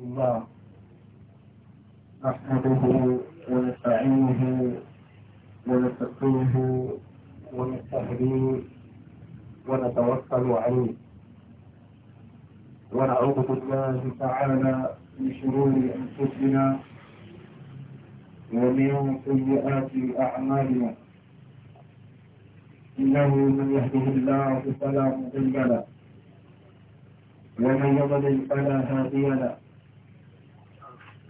الله نحمده ونستعينه ونستقيه ونستهديه ونتوكل عليه ونعوذ بالله تعالى من شرور انفسنا ومن سيئات اعمالنا انه من يهده الله فلا مضل له ومن يضلل فلا هادي له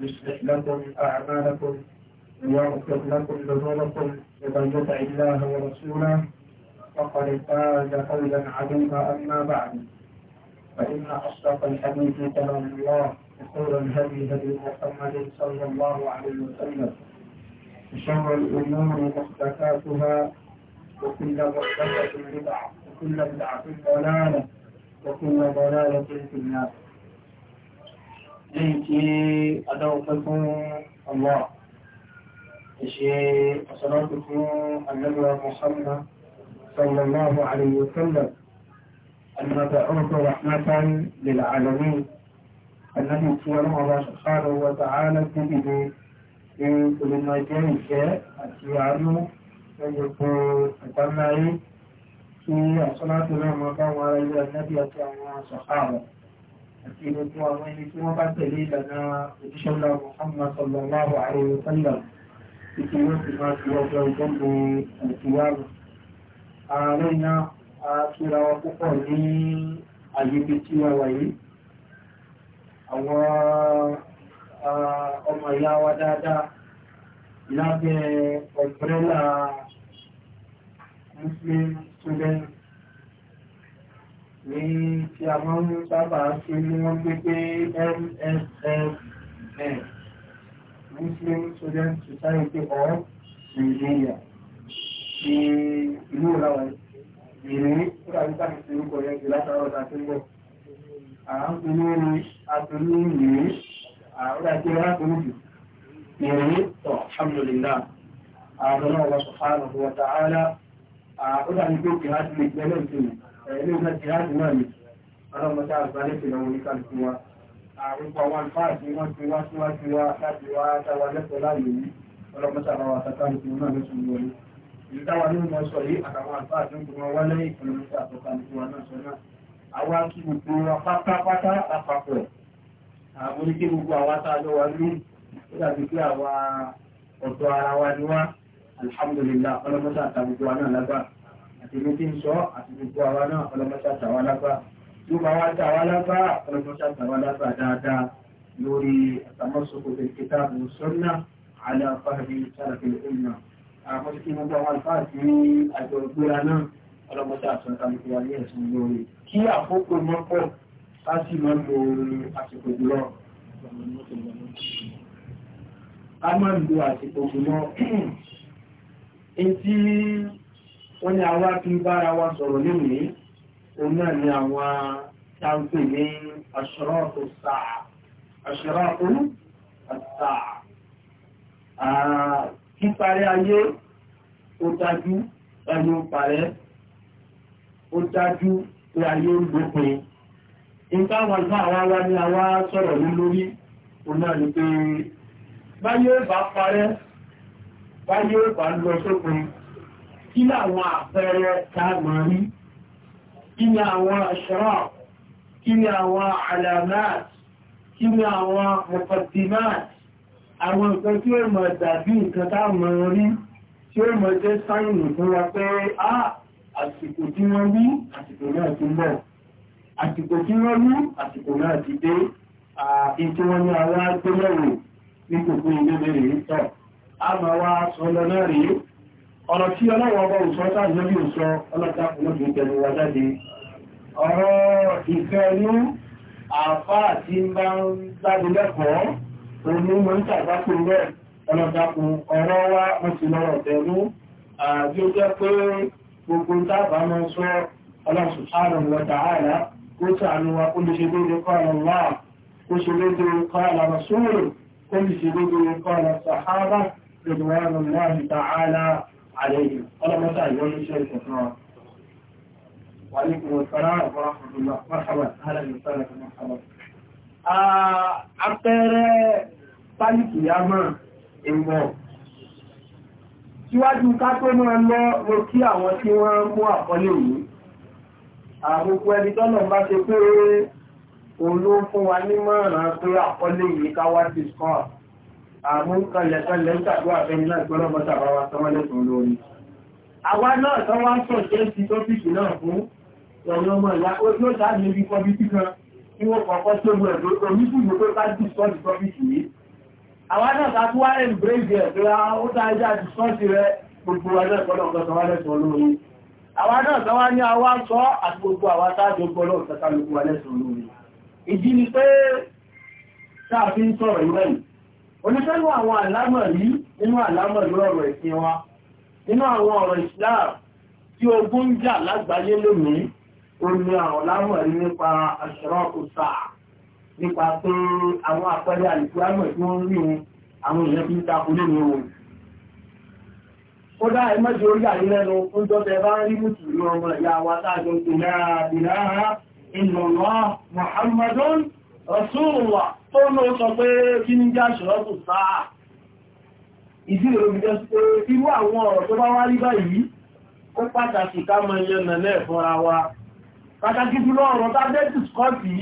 يصلح لكم أعمالكم ويغفر لكم ذنوبكم ومن يطع الله ورسوله فقد فاز قولا عظيما أما بعد فإن أصدق الحديث كلام الله وخير الهدي هدي محمد صلى الله عليه وسلم وشر الأمور محدثاتها وكل محدثة بدعة وكل بدعة ضلالة وكل ضلالة في النار lẹ́yìn tí adáwọ̀fẹ́ fún ọmọ ìṣe ọ̀sọ̀lọ́pù fún annabawa musamman sallallahu alayhi wa sallam المبعوث رحمة للعالمين الذي سيرم الله سبحانه وتعالى به في كل مجال àti ẹgbẹ̀kọ́ ìtàláyé kí àṣọ́látò náà mọ́ bá wọn ará ilé ẹ̀nẹ́bí àti àwọn ṣàkàrọ̀. àti gbogbo àwọn ẹni tí wọ́n bá tẹ̀lé ìlànà òjíṣẹ́ ńlá Muhammad sallallahu alaihi wa sallam títí wọ́n sì máa fi ọjọ́ ìjọ́gbò ìtìwárù. ààrẹ náà a túra wa wáyé àwọn ọmọ ìyá wa dáadáa lábẹ́ ọ̀pẹ́lá Muslim students ní tí a máa ń sábà ṣe ní wọ́n gbé pé MSSN Muslim Student Society of Nigeria ti ìlú ìlàwọ̀ ìrìn kúrò àti sáàkì sí orúkọ yẹn ti látara ọ̀dà tó ń bọ̀. À ń pè ní orí àtòlú ìrìn àwọn àti ọ̀rá tó ń jù ìrìn tọ̀ alhamdulillah àwọn ọlọ́wọ́ sọ̀hánà wọ̀tàhálà àwọn àti gbòkè láti lè gbẹ́lẹ̀ ìsinmi ẹ̀yìn náà jihadi náà ni ọlọ́mọta àgbálẹ̀ ìlọ oníkàlùkù wa àrùkọ àwọn àlùfáà tí wọ́n ti wá síwájú wa láti wá táwa lẹ́kọ̀ọ́ láàyè yìí ọlọ́mọta àwọn àtàkàlùkù náà ló tún wọlé èyí táwa ní mọ̀ sọ yìí àtàwọn àlùfáà tó ń gbọmọ wá lẹ́yìn ọlọ́mọta àtàkàlùkù wa náà sọ náà àwa kí gbogbo wa pátápátá àpapọ̀ àwọn oníkí gbogbo àwa tá a lọ wa ní ó dàbí pé àwa ọ̀dọ́ ara wa ni wá alhamdulillah ọlọ́mọta àtẹ̀mí tí ń sọ àti gbogbo àwa náà ọlọ́mọṣà tàwa lápá tí ó bá wá tàwa lápá ọlọ́mọṣà tàwa lápá dáadáa lórí àtàmọ́sọ̀kò tẹ̀kítà àbùsọ́nà aláfáàdé sàrẹ̀kẹ̀lẹ̀ ìmọ̀ àkọsí kí gbogbo àwọn àlùfáà tí àjọ ìgbéra náà ọlọ́mọṣà tàwa kálukú wa ní ẹ̀sùn lórí kí àkókò mọ́pọ̀ ká sì mọ́ lórí àsìkò jùlọ a máa ń lo àsìkò jùlọ wọ́n ní àwa kí bára wa sọ̀rọ̀ lónìí òun náà ni àwa táǹpì ní aṣọ́rọ́ọ̀tò sáà aṣọ́rọ́ọ̀tò sáà kíparí ayé ó dájú ẹni ó parẹ́ ó dájú pé ayé ń gbópin nǹkan àwọn ìfà àwọn ará ní àwa sọ̀rọ̀ ní lórí òun náà ni pé báyé bá parẹ́ báyé bá lọ sópin kí láwọn àpẹẹrẹ tààmà rí kí ni àwọn ashraf kí ni àwọn alamat kí ni àwọn mọ̀kọ̀dìmáàt àwọn nǹkan tí ó mọ̀ dàbí nǹkan tààmà rí tí ó mọ̀ jẹ́ sáyìn fún pé á àsìkò tí wọ́n rí àsìkò náà ti mọ̀ ọ̀rọ̀ tí ọlọ́wọ́ ọba òṣọ́ta lórí òṣọ́ ọlọ́ta olóògbé pẹ̀lú wa jáde ọ̀rọ̀ ìfẹ́ inú àfá àti bá ń jáde lẹ́kọ̀ọ́ òní mọ́ ń tàbákò rẹ̀ ọlọ́dàkù ọ̀rọ̀ wá wọ́n ti lọ́rọ̀ tẹ̀lú àti ó jẹ́ pé gbogbo tábà mọ́ sọ ọlọ́sùn ààrùn lọ́ta ààrà kó sàánú wa kó lè ṣe dédé kọ́ọ̀lọ́ wà kó ṣe dédé kọ́ọ̀lọ́ rasúlù kó lè ṣe dédé kọ́ọ̀lọ́ عليه قال متى يوم شيء كثيرا وعليكم السلام ورحمة الله مرحبا أهلا وسهلا مرحبا àpẹẹrẹ pálíkì yá máa èèmọ̀ síwájú ká tó máa lọ lọ kí àwọn tí wọ́n mú àkọlé yìí àgbogbo ẹni tọ́nà bá ṣe pé òun ló fún wa ní mọ̀ràn pé àkọlé yìí ká wá sí scott àwọn kalẹ̀kalẹ̀ ń tàbí àfẹ́ni láti gbọ́nà mọ́ta bá wa sọmọ́ lẹ́kùn lórí. Àwa náà tán wá sọ jẹ́ sí tópìkì náà fún ẹ̀yọ́ ọmọ ìyá ó yóò dá níbi kọbítì kan tí wọ́n kọ̀ọ̀kọ́ tó mú ẹ̀dọ́ oníkùnrin tó bá jù sọ́ ní kọbítì yìí. Àwa náà ká tó wá ẹ̀ bírèjì ẹ̀ pé ó dá ẹjá jù sọ́ sí rẹ gbogbo wa náà gbọ́nà ọ̀gọ́ sọmọ́ lẹ́kùn lórí. Àwa tán wá ní àwa sọ àti gbogbo àwa táàdó gbọ́nà ọ̀gọ́ sọmọ́ lẹ́kùn lórí. ni pé táà fi ń sọ̀rọ̀ ìwẹ̀yìn onífẹ́lú àwọn àlámọ̀ rí nínú àlámọ̀ lọ́rọ̀ ìsìn wa nínú àwọn ọ̀rọ̀ Islam tí ogun ń jà lágbàáyé lónìí o ní àwọn àlámọ̀ rí nípa aṣọ́rọ̀kù sáà nípa pé àwọn àpẹẹrẹ àìsíwámọ̀ tí wọ́n rí wọn àwọn èèyàn fi ń takò lónìí wọn kódá ẹmọ́jì orí àrílẹ́nu ń jọ́tẹ̀ bá rí mùsùlùmí ọmọ ìyá wa táàjọ́ ìlàrá ìlàrá ìlàrá Muhammadun Rasulullah tó ló sọ pé kí ní já ṣọ́ọ̀bù sáà ìdílé òmìnira sí pé irú àwọn ọ̀rọ̀ tó bá wá rí báyìí ó pàtàkì ká mọ iye nàlẹ́ ìfọ́ra wa pàtàkì jùlọ ọ̀rọ̀ tábẹ́ dìskọ́tì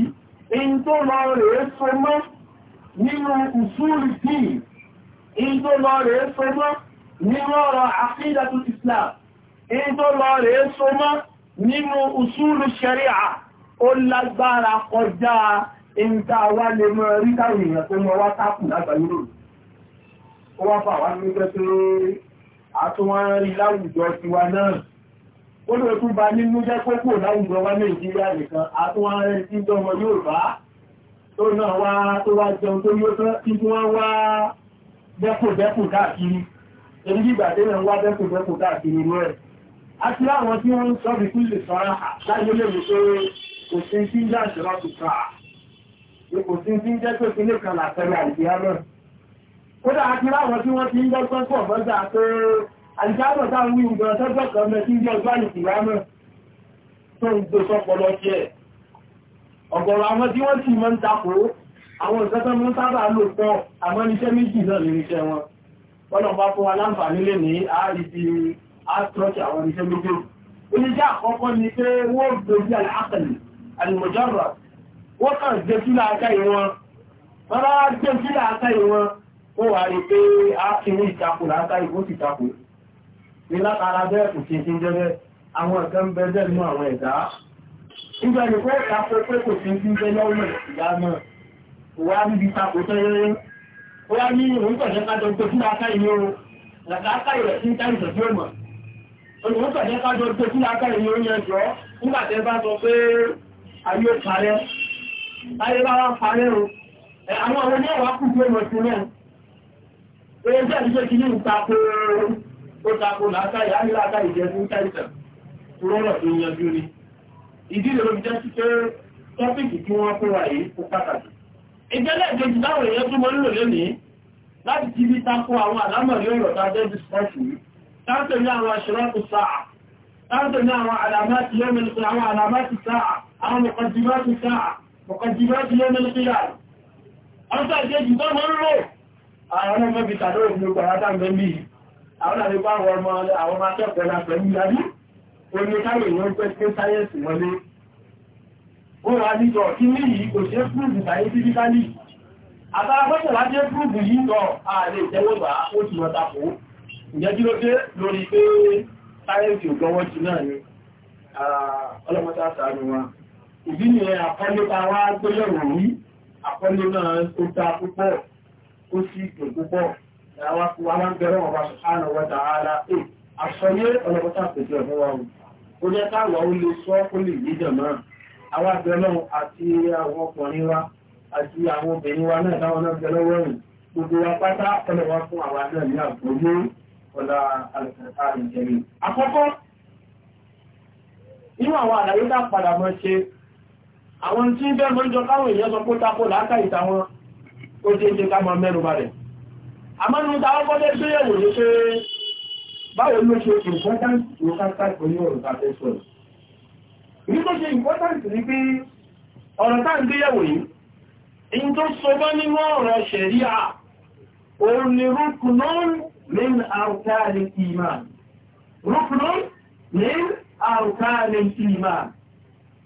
in tó lọ rèé so mọ́ nínú ìsúrì tí ó lágbára kọjá ń tá a wá lè mọ́ rí táwọn èèyàn tó mọ́ wá tákù lágbàáyé lòdì ó wá fà wá ní pé àtúnwárí láwùjọ tiwa náà ó lè tún ba nínú jẹ́ pópò láwùjọ wá Nàìjíríà nìkan àtúnwárí tí jọmọ yóò bá tó náà wá tó wá jẹun tó yóò tán tí wọ́n wá dẹ́kùdẹ́kù káàkiri èyí gbígbà tí wọ́n wá dẹ́kùdẹ́kù káàkiri rú ẹ̀ àti láwọn tí wọ́n ń sọ bí kú lè sọ́ra láyé lè mú pé kò sí sí ìjà ìṣẹ́lá tó káà ipò tí ń fi ń jẹ́ pé kí nìkan làtẹ̀lẹ̀ àìdíyàmọ̀ kódà àti láwọn tí wọ́n ti ń dọ́gbọ́n pọ̀ bọ́jà pé àìdíyàmọ̀ táwọn wí ìgbọ̀n tọ́jọ́ kan mẹ́ tí ń jẹ́ ọjọ́ àìdíyàmọ̀ tó ń gbé sọ́pọ̀lọ́ jẹ́ ọ̀gọ̀rọ̀ àwọn tí wọ́n sì mọ́ ń takò àwọn ìsẹ́tọ́ mú sábà lò pọ̀ àmọ́ iṣẹ́ méjì náà lè ríṣẹ́ wọn wọ́n bá fún wọ́n kàn jẹ́ sí láàká ìwọ̀n wọ́n bá jẹ́ sí láàká ìwọ̀n ó wà rí pé a kì ní ìtakò láàká ìwọ̀n sì takò ní látara bẹ́ẹ̀ kò ṣe ṣe jẹ́ àwọn ẹ̀kẹ́ ń bẹ́ẹ̀ nínú àwọn ẹ̀dá nígbà ní pé tako pé kò ṣe ṣe jẹ́ lọ́wọ́ ìyá náà wà níbi takò tẹ́rẹ́ ó wá ní òun tọ̀jẹ́ kájọ gbé sí láàká ìwọ̀n làkàkà ìrẹ̀ sí ń kárí ìtọ̀jú ọ̀mọ̀ olùwọ́n tọ̀jẹ́ kájọ gbé sí láàká ìwọ̀n yẹn jọ nígbà tẹ́ bá sọ pé ayé parẹ́ ayé bá wá parẹ́ o àwọn ọmọ ní ọ̀wá kù pé mo ti náà oye jẹ́ ìṣe kí ní ìtako ó tako látàrí ayélujára ìjẹ́ fún tẹ́sán tó rọ́rọ̀ tó yanjú ni ìdílé ló fi jẹ́ sí pé tọ́pìkì tí wọ́n kó wa yìí kó pàtàkì ìjẹ́lẹ̀ ìjọba táwọn èèyàn tó mọ́ nílò lónìí láti ti bí tako àwọn àlámọ̀rí ọ̀rọ̀ tá a jẹ́ discourse yìí táńtò àwọn aṣọ́rọ́kù sáà táńtò ní àwọn àlàmáàtì yẹ́mẹ̀lẹ́sẹ̀ àwọn àlàmáàtì sáà àwọn mọ̀kàndínláàtì sáà مقدمات يوم القيامة أنت أجيب بطن مرلو àwọn ọmọ ibi tàbí òfin ọgbà látà ń bẹ́mí àwọn àrípa àwọn ọmọ akẹ́kọ̀ọ́ la pẹ̀lú yàrí oníkàwé ìwọ̀n pẹ́ pé sáyẹ̀nsì wọlé ó wà níjọ kí ní yìí kò ṣe púrùbù sáyé fífíkálì àtàràpọ̀tẹ̀ láti púrùbù yìí lọ ààrẹ ìtẹ́wọ́gbà ó ti wọ́n tapò ǹjẹ́ kí ló dé lórí pé sáyẹ̀nsì ògbọ́wọ́ ti náà ni ọlọ́mọta sàánú wa ìdí ni àkọlé ta wá gbéyẹ̀wò rí àkọlé náà ó ta púpọ̀ ó sì dùn púpọ̀ àwọn alágbẹ̀rẹ̀ ọba sùhánà wọ́ta ara ẹ̀ àṣọyé ọlọ́pọ̀tà pẹ̀lú ọ̀fún wa ó jẹ́ káwọn ó lè sọ ó lè yí jẹ̀ náà àwọn abẹ́lọ́ àti àwọn ọkùnrin wa àti àwọn obìnrin wa náà táwọn àlàyé tá padà mọ́ ṣe àwọn tí bẹ́ẹ̀ mọ́ jọ káwọn èèyàn sọ pó tako láàkà ìtàwọn ó jẹ́ jẹ́ ká máa mẹ́rù balẹ̀ àmọ́nù táwọn kọ́lẹ̀ tó yẹ̀wò ní pé báwo ló ṣe important local pẹ̀lú ọ̀rọ̀ tàbí sọ̀rọ̀ ní tó ṣe important ní pé ọ̀rọ̀ tá ń gbé yẹ̀wò yìí in tó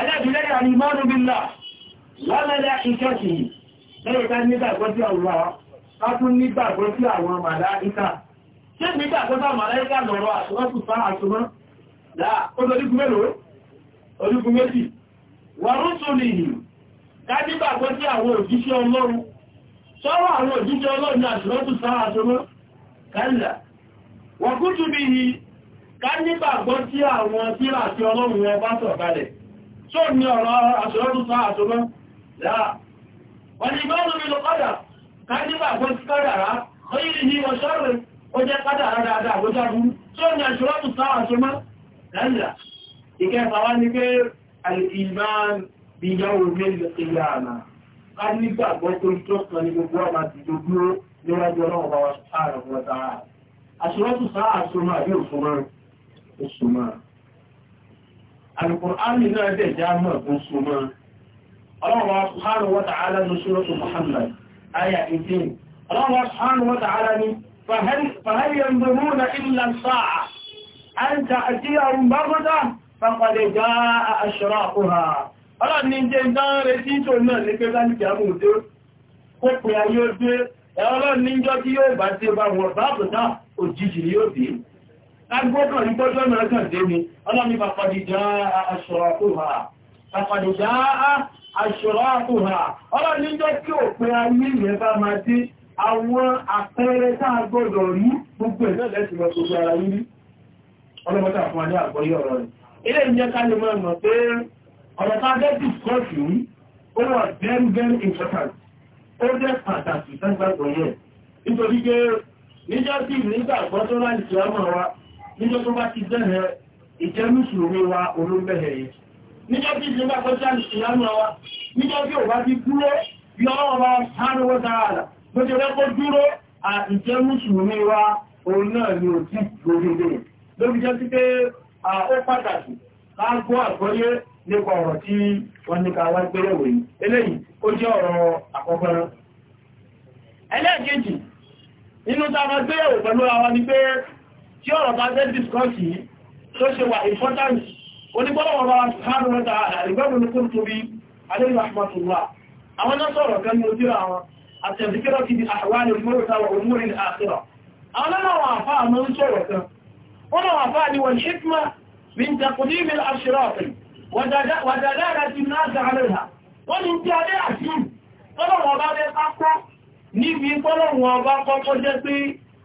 alábìlẹ̀ àrímọ́nù bílá lọ́lẹ́lẹ́ ìkẹ́sì lẹ́yẹ̀ká nígbàgbọ́ sí ọ̀rọ̀ látún nígbàgbọ́ sí àwọn màláíkà tí nígbàgbọ́ sí màláíkà lọ́rọ̀ àṣọ́sù sáà àṣọ́mọ́ láà ó lórígun mélòó orígun méjì wà rúsùlì ká nígbàgbọ́ sí àwọn òjíṣẹ́ ọlọ́run sọ́rọ̀ àwọn òjíṣẹ́ ọlọ́run ní àṣọ́sù sáà àṣọ́mọ́ kálà wà kútùbí ká nígbàgbọ́ sí àwọn tíra àti ọlọ́run wọn tó ní ọ̀rọ̀ àṣọ́rọ̀ sọ àṣọ́mọ́ láà wọ́n ni bọ́ọ̀lù mi lọ kọ́dà kájíbà kó ti kádàrá ó yìí ní ọ̀ṣọ́rẹ̀ ó jẹ́ kádàrá dáadáa ó jábú tó ní àṣọ́rọ̀ sọ àṣọ́mọ́ lẹ́yìnlá ìkẹfà wá ní pé alìmán ìyàwó mẹ́lẹ̀ ìyàmà kájíbà gbọ́ tó tó kan ní gbogbo ọmọ àti ìdógúró níwájú ọlọ́run bá wa ṣàrọ̀ alùkùránì náà dẹ̀ já mọ̀ fún súnmọ́ ọlọ́wọ́ subhanahu wa ta'ala ní suratu Muhammad aya 18 ọlọ́wọ́ subhanahu wa ta'ala ní fahal yanzuruna illa as-sa'a an ta'tiyahum baghtatan faqad jaa'a ashraquha ọlọ́ni jẹ́ ìdánrẹ́ tí tó ní pé láti tí agbọ́dọ̀ ní tọ́jọ́ náà kàn dé mi ọlọ́ni pàpàdìjá aṣọ́ràkùnhà ọlọ́ni jọ kí òpin ayé yẹn bá máa dé àwọn àpẹẹrẹ táà gbọ́dọ̀ rí gbogbo ẹ̀ lẹ́sìn lọ gbogbo ara yìí ọlọ́pọ̀ta fún adé àgbọ́yé ọ̀rọ̀ rẹ̀ ilé ìjẹ́ ká lè máa mọ̀ pé ọ̀rọ̀ tá dẹ́ discourse yìí ó wà very very important ó jẹ́ pàtàkì sẹ́gbàgbọ́ yẹn nítorí pé níjọ́ sí ìgbàgbọ́ tó láì ṣe ọmọ wa níjọ́ tó bá ti bẹ̀rẹ̀ ìjẹ́ wa olóńbẹ̀rẹ̀ yìí níjọ́ tí ìṣẹ́ bá kọjá ìyanu wa níjọ́ tí ò bá ti dúró yọ ọba sáré wọ́n dáadáa bó ti rẹ́kọ́ dúró àìjẹ́ wa òun náà ni ò tí gbogbo lórí jẹ́ sí pé ó pàtàkì láàgbó àgbọ́yé nípa ọ̀rọ̀ tí wọ́n ní ká wá gbéyẹ̀wò yìí eléyìí tí ọ̀rọ̀ bá jẹ́ discourse yìí tó ṣe wà important onígbọ́lọ̀wọ̀ bá sánú rẹ̀ta àrígbẹ́mù ní kún tóbi aléìràhmatulá àwọn náà sọ̀rọ̀ kan ní ojúra àwọn àtẹ̀síkẹ́rọ̀ ti di àwárí mọ́rùta wà òmúrin àṣírà àwọn náà wà fáà mọ́ sọ̀rọ̀ kan wọ́n wà fáà ní wọn hikma min takudimin ashirafin wàdàdára ti náà sàárẹ̀ha wọ́n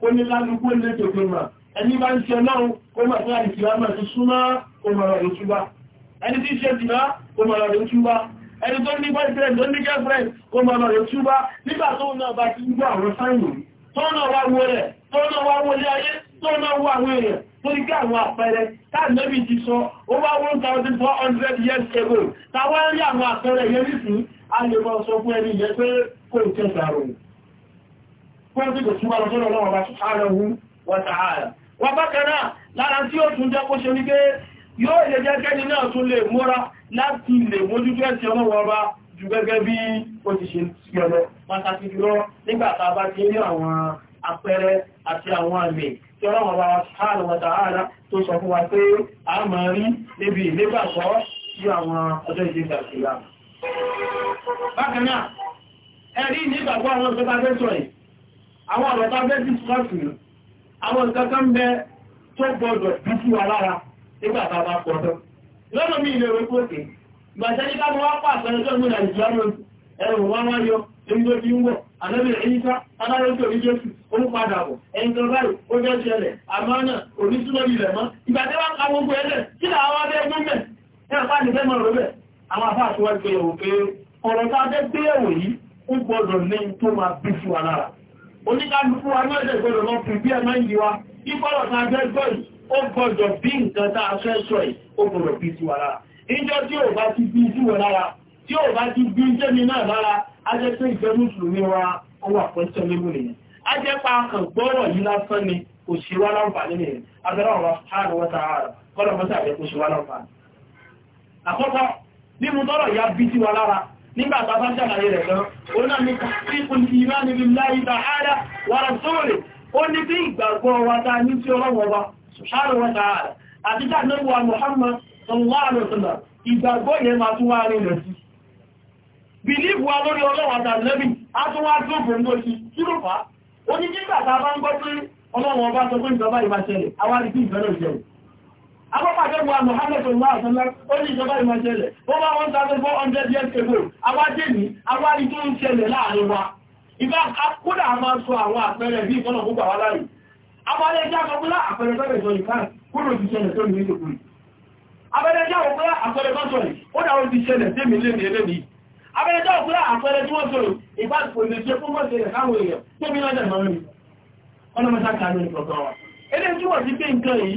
kó ní lálùkú ilé tòkè mà ẹni bá ń ṣe ọlọ́run kó mà fún àìsíwá mà ti súnmọ́ kó mà rẹ̀ túbá ẹni tí ṣe dìná kó mà rẹ̀ túbá ẹni tó ní boyfriend tó ní girlfriend kó mà rẹ̀ túbá nígbà tó náà bá ti gbọ́ àwọn sáyìn tó náà wá wo rẹ̀ tó náà wá wọlé ayé tó náà wá àwọn èèyàn torí pé àwọn àpẹẹrẹ táàlẹ́bì ti sọ over 1400 years ago táwọn rí àwọn àpẹẹrẹ yẹn nísìn a lè mọ́ sọ fún ẹni yẹn pé kò tẹ́sàrò kó sì kò túnbà lọ́sọ́rọ̀ ọlọ́run bá subhanahu wa ta'ala wọ́n bákan náà lára tí ó tún jẹ́ kó ṣe ní pé yóò lè jẹ́ kẹ́ni náà tún lè múra láti lè mójútó ẹ̀sìn ọlọ́run ọba ju gẹ́gẹ́ bí ó ti ṣe sí ọlọ́ pàtàkì àwọn ọ̀rọ̀ta bẹ́ discourse ní àwọn ìkankan bẹ tó gbọdọ̀ bí sí wa lára nígbàtà bá pọ̀tọ́ lọ́nà mi ilẹ̀ orí pòkè gbàṣẹ́ ní káàkiri wá pàṣẹ ẹjọ́ mú nàìjíríà ẹ̀rùn wá wáyọ ẹgbẹ́ bí ń wọ̀ àlẹ́bẹ̀ ẹ̀yíká alárẹ́jọ́ oríjẹ́sù ó ń padà bọ̀ ẹ̀yìnkọ̀ báyìí ó jẹ́ ṣẹlẹ̀ àmọ́nà onísúnmọ́ ilẹ̀ mọ́ ìgbàtẹ́wà ká gbogbo ẹlẹ̀ kí làwọn abẹ́ ẹgbẹ́ mẹ́ ẹ̀fà nìfẹ́ mọ̀ rẹ̀ bẹ̀ àwọn afáàtúwà gbé ẹ̀wò pé ọ̀rọ̀ tá a bẹ́ gbé ẹ̀wò yìí ó gbọ́dọ̀ ní tó máa bí fún wa lára oníkálukú wa mọ́jẹ̀ gbọ́dọ̀ lọ fi bí ẹmọ́ yìí wa ìfọ́lọ̀ ta fẹ́ gbọ́dọ̀ ó gbọ́dọ̀ bí nǹkan tá a fẹ́ sọ ẹ̀ ó gbọ́dọ̀ bí sí wa lára ìjọ tí ò bá ti bí sí wa lára tí ò bá ti bí jẹ́mi náà lára a jẹ́ pé ìfẹ́ mùsùlùmí wa ó wà fún sẹ́lẹ̀mù nìyẹn a jẹ́ pa kàn gbọ́rọ̀ yìí lásán ni kò ṣe wá láǹfààní nìyẹn abẹ́rẹ́ ọ̀rọ̀ hàn wọ́ta ààrẹ kọ́lọ̀ mọ́ta àbẹ́ kò ṣe wá láǹfààní àkọ́kọ́ nínú tọ́rọ̀ ya bí sí wa lára nígbà bá bá ṣàlàyé rẹ̀ lọ ó náà ní kíkún ti ìmá níbi láì bá ààrẹ wàrà sóòrè ó ní bí ìgbàgbọ́ wa ta ní tí ọlọ́wọ́ wa subhanahu wa Muhammad sallallahu alaihi wasallam ìgbàgbọ́ yẹn wa lórí ọlọ́wọ́ ta lẹ́bí a tún wá tó fún ló sí kí ló fà á ó ní nígbà tá bá Akọ́pàdébù wa Mohammed Olúwàṣọ́lá, ó ní ìjọba ìmọ̀ṣẹ́lẹ̀, ó bá 1,400 years ago, awájé ní, awárí tó ń ṣẹlẹ̀ láàrin wa. Ìbá kódà a máa sọ àwọn àpẹẹrẹ bí ìtọ́nà púpà wá láàrin. Abẹ́lẹ́já àkọ́kọ́lá àpẹẹrẹ tọ́rẹ̀ sọ ìkáà kúrò ti ṣẹlẹ̀ tó ní ìtòkùn. Abẹ́lẹ́já àkọ́kọ́lá àpẹẹrẹ tọ́rẹ̀ ó dáwọn ti ṣẹlẹ̀ tẹ́mi lé ní ẹlẹ́ni. Abẹ́lẹ́já àkọ́kọ́lá àpẹẹrẹ tí wọ́n sọ̀rọ̀ ìbá kò lè ṣe fún mọ́ṣẹ̀lẹ̀ káwọn èèyàn tẹ́mi lọ́dẹ̀ mọ́rin. Ọlọ́mọ́sá kàánú ìkọ̀kọ̀ wa. Elé túnmọ̀ sí pé nǹkan yìí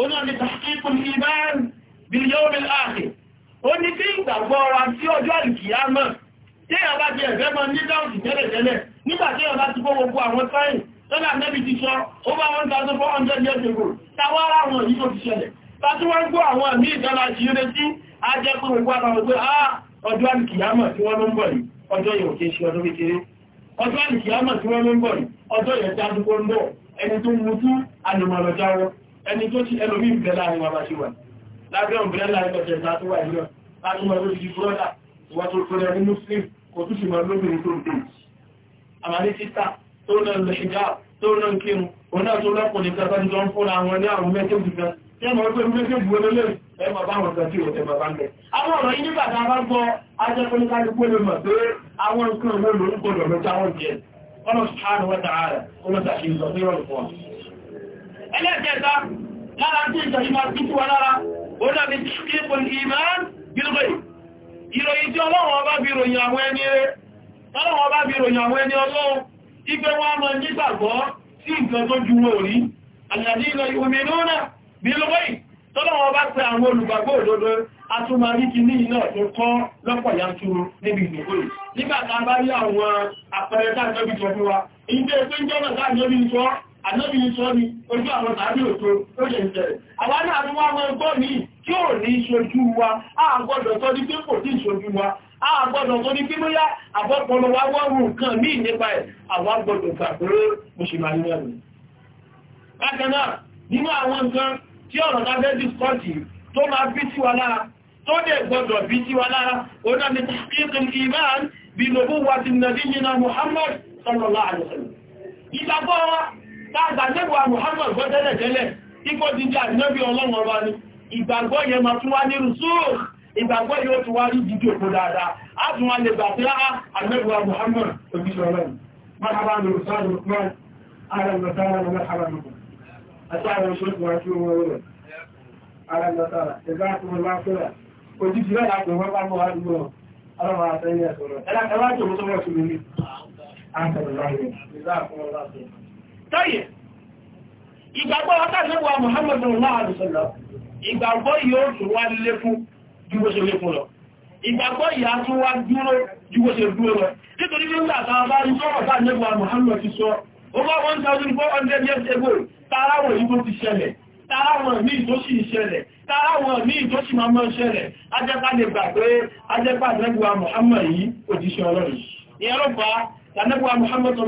ó ni tàkíkù ìbáàrù bí yóò rí láàrin ó ní kí ìgbàgbọ́ ọ̀rọ̀ àti ọjọ́ ìkìyà mọ̀ tí a bá jẹ ẹ̀fẹ́ mọ́ ní dáùsì tẹ́lẹ̀tẹ́lẹ̀ nígbà tí a bá ti kó gbogbo àwọn sáyìn lọ́nà nẹ́bí ti sọ over 1400 years ago táwọn ará wọn yìí tó ti ṣẹlẹ̀ tàbí wọ́n gbọ́ àwọn àmì ìjọba ti yúre sí a gbogbo àwọn ọgbẹ́ ah, ọjọ́ àlìkìyàmọ̀ tí wọ́n ló ń bọ̀ yìí ọjọ́ yìí ò kí ṣe ọdún kékeré ọjọ́ àlìkìyàmọ̀ tí wọ́n ló ń bọ̀ yìí ọjọ́ yẹn tí a dúkọ́ ń bọ̀ ẹni tó mú tú àlùmọ̀lọ́jáwọ́ ẹni tó ti ẹlòmí ìbẹ̀ láàrin wa bá ṣe wà lábẹ́ òǹbẹ̀rẹ̀ láàrin ọjọ́ ìta tó wà ìlú láti mọ̀ lórí brọ́dà wọ́n tó kọrẹ ní muslim kò tún sì mọ̀ lóbìnrin tó dùn àmàlé títà tó lọ lọ ṣìgá tó lọ ń kírun òun náà tó lọ́pọ̀ lè ta sáré tó ń fún àwọn ní àwọn méjèèjì kan tí ẹmọ pé méjèèjì wọn lè ẹ máa bá wọn kan tí òun ẹmọ bá ń bẹ. àwọn ọ̀rọ̀ yìí nígbà tá a bá gbọ́ ajẹ́kọ́níkálukú lè mọ̀ pé àwọn nǹkan wo lòun gbọdọ̀ lọ táwọn jẹ ọlọ́sùn ẹlẹ́ẹ̀kẹta lára tí ìjọ ìmá títí wa lára ó dàbí kíkún ìmán gílùgbé ìròyìn tí ọlọ́run ọba bí ròyìn àwọn ẹni rẹ̀ ọlọ́run ọba bí ròyìn àwọn ẹni ọlọ́run ipé wọn mọ nígbàgbọ́ sí nǹkan tó ju wọn rí àyàdí ilẹ̀ ìwòmìnúnà gílùgbé tọ́lọ́run ọba pẹ àwọn olùgbàgbọ́ òdodo atúmarí kí ní iná tó kọ́ lọ́pọ̀ ìgbẹ́ pé ń jọ́nà táàjọ́bí Ànábì ní sọ ni ojú àwọn tàbí òtò ó jẹ ìṣẹ̀lẹ̀. Àwọn náà ní wá wọn gbọ́ ní tí ò ní ṣojú wa, a gbọ́dọ̀ sọ ní pé kò tí ṣojú wa, a gbọ́dọ̀ sọ ní pé bóyá àbọ́pọlọ wa wọ́rù nǹkan míì nípa ẹ̀, àwọn gbọ́dọ̀ gbà pé Mùsùlùmí rẹ̀ ni. Bákan náà, nínú àwọn nǹkan tí ọ̀rọ̀ lábẹ́ dìskọ́tì tó máa bí sí wa lára, tó dẹ̀ gbọ́dọ̀ bí sí wa lára, ó náà ni tàbí ìbáà bí lòbú wa ti nàbí nínú Muhammad sallallahu alaihi wasallam. Ìgbàgbọ́ wa dáadáa nẹ́bùwà Muhammad gbọ́tẹ́lẹ̀ tẹ́lẹ̀ ikọ́ jíjẹ́ àdínábí ni ìgbàgbọ́ yẹn ma tún wá ní rùsúrù ìgbàgbọ́ yóò tún wá rí jíjẹ́ òkú dáadáa a tún wá lè gbà pé á àdínábíwà Muhammad òjíṣẹ́ ọlọ́run marhaba ni tọ́yẹ̀ ìgbàgbọ́ látàlẹ́wà Muhammadu aláàrùsọ̀lọ́ ìgbàgbọ́ yóò tún wá lékún ju bó ṣe lékún lọ ìgbàgbọ́ ìyá tún wá dúró ju bó ṣe dúró lọ nítorí nígbà tàbá rí sọ́rọ̀ tàlẹ́wà Muhammadu sọ over 1400 years ago tààràwọ̀ ìgbó ti ṣẹlẹ̀ tààwọn míì tó sì ṣẹlẹ̀ tààwọn míì tó sì máa mọ́ ṣẹlẹ̀ ajẹ́pá lè gbà pé ajẹ́pá nẹ́gbà Muhammad yìí òjíṣẹ́ Ọlọ́run ìyẹ́rọ̀pá tànẹ́gbà Muhammad tó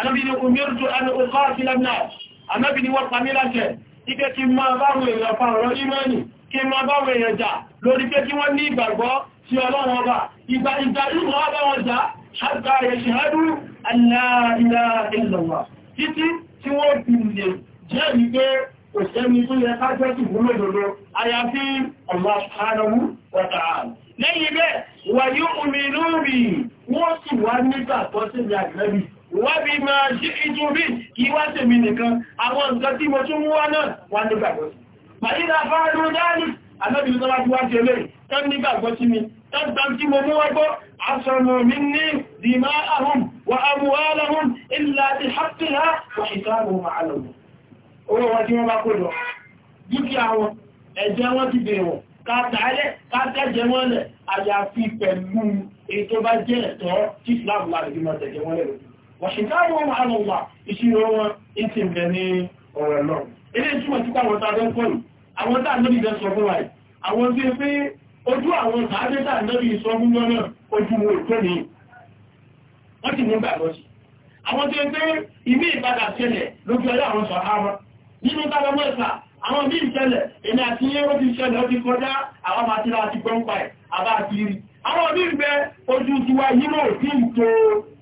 anábì ni umirtu an uqatila an-nas anábì ni wọ́n pa mí láṣẹ ipé kí ma báwọn èèyàn fa ọ̀rọ̀ ìmọ́ni kí ma báwọn èèyàn jà lórí pé kí wọ́n ní ìgbàgbọ́ sí ọlọ́run ọba ìgbà ìjà ìmọ̀ ọba wọn jà hatta yashhadu an la ilaha illallah títí tí wọ́n fi lè jẹ́ wípé òṣèlú tó yẹ kájẹ́ sí ìwúlò lòlò lẹ́yìn bẹ́ẹ̀ wà yóò omi lórí wọ́n sì wá nígbà tó sí wábí máa ṣe ìjú rí kí wá sí mi nìkan àwọn nǹkan tí mo tún mú wá náà wà nígbàgbọ́ sí. pàdínà fáàrù dáàrí alábìrì tó wájú wájú ẹlẹ́ tán nígbàgbọ́ tí mo mú wágbọ́ asọ̀nà mi wọ́n lẹ̀ àyàfi pẹ̀lú ètò bá jẹ́ ẹ̀tọ́ tí islam láti bí mọ́ tẹ̀jẹ wọn lẹ́rọ̀ wàṣìkáàrí wọn máa lọ́wà ìṣirò wọn ìtì ìbẹ̀ ní ọ̀rọ̀ lọ. ilé ìtumọ̀ tí pàwọn tàbí pọ̀lú àwọn tàà lórí ìdẹ́ sọ fún wáyé àwọn tí pé ojú àwọn tàbí tàà lórí ìsọ fún lọ́nà ojú wo tó ní wọ́n ti mú gbàgbọ́ sí àwọn tí pé ìmí ìpadà ṣẹlẹ̀ lójú ọjọ́ àwọn sọ ara nínú tábà mẹ́ta àwọn bí ìṣẹlẹ̀ èmi àti iye ó ti ṣẹlẹ̀ ó ti kọjá àwọn àti láti gbọ́ǹpa ẹ̀ àbá àti rí àwọn bí ìgbẹ́ ojú tiwa yìí náà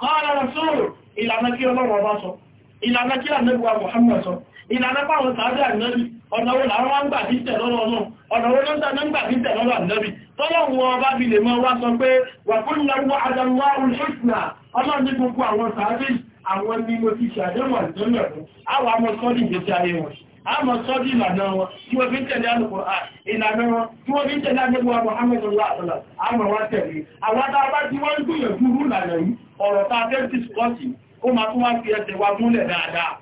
qala rasul ìlànà kí ọlọ́run ọba sọ ìlànà kí ànẹ́gbà Muhammad sọ ìlànà báwọn tàbí ànẹ́bì ọ̀nàwó làwọn àgbà tí tẹ̀lọ́rọ̀ ọlọ́run ọ̀nàwó lọ́ta nígbà tí tẹ̀lọ́rọ̀ ànẹ́bì tọ́lọ̀wọ̀ ọba bí lè mọ́ wá sọ pé wà fún lọ́wọ́ adamwa olùsọ́sìnà ọlọ́run ní gbogbo àwọn tàbí àwọn ni mo ti ṣàdéwọ̀n ìjọ́mẹ̀kún àwọn amọ́sọ́lì ìgbésí ayé wọn àmọ̀ sọ́dí ìlànà wọn tí wọ́n fi ń tẹ̀lé Al-Qur'an ìlànà wọn tí wọ́n fi ń tẹ̀lé àgbẹ̀wà Muhammadu lọ́àtọ̀lá àmọ̀ wá tẹ̀lé àwọn tàbá tí wọ́n ń gbìyànjú rú lànà yìí ọ̀rọ̀ ta fẹ́ dìskọ́sì ó ma tún wá fi ẹsẹ̀ wa múlẹ̀ dáadáa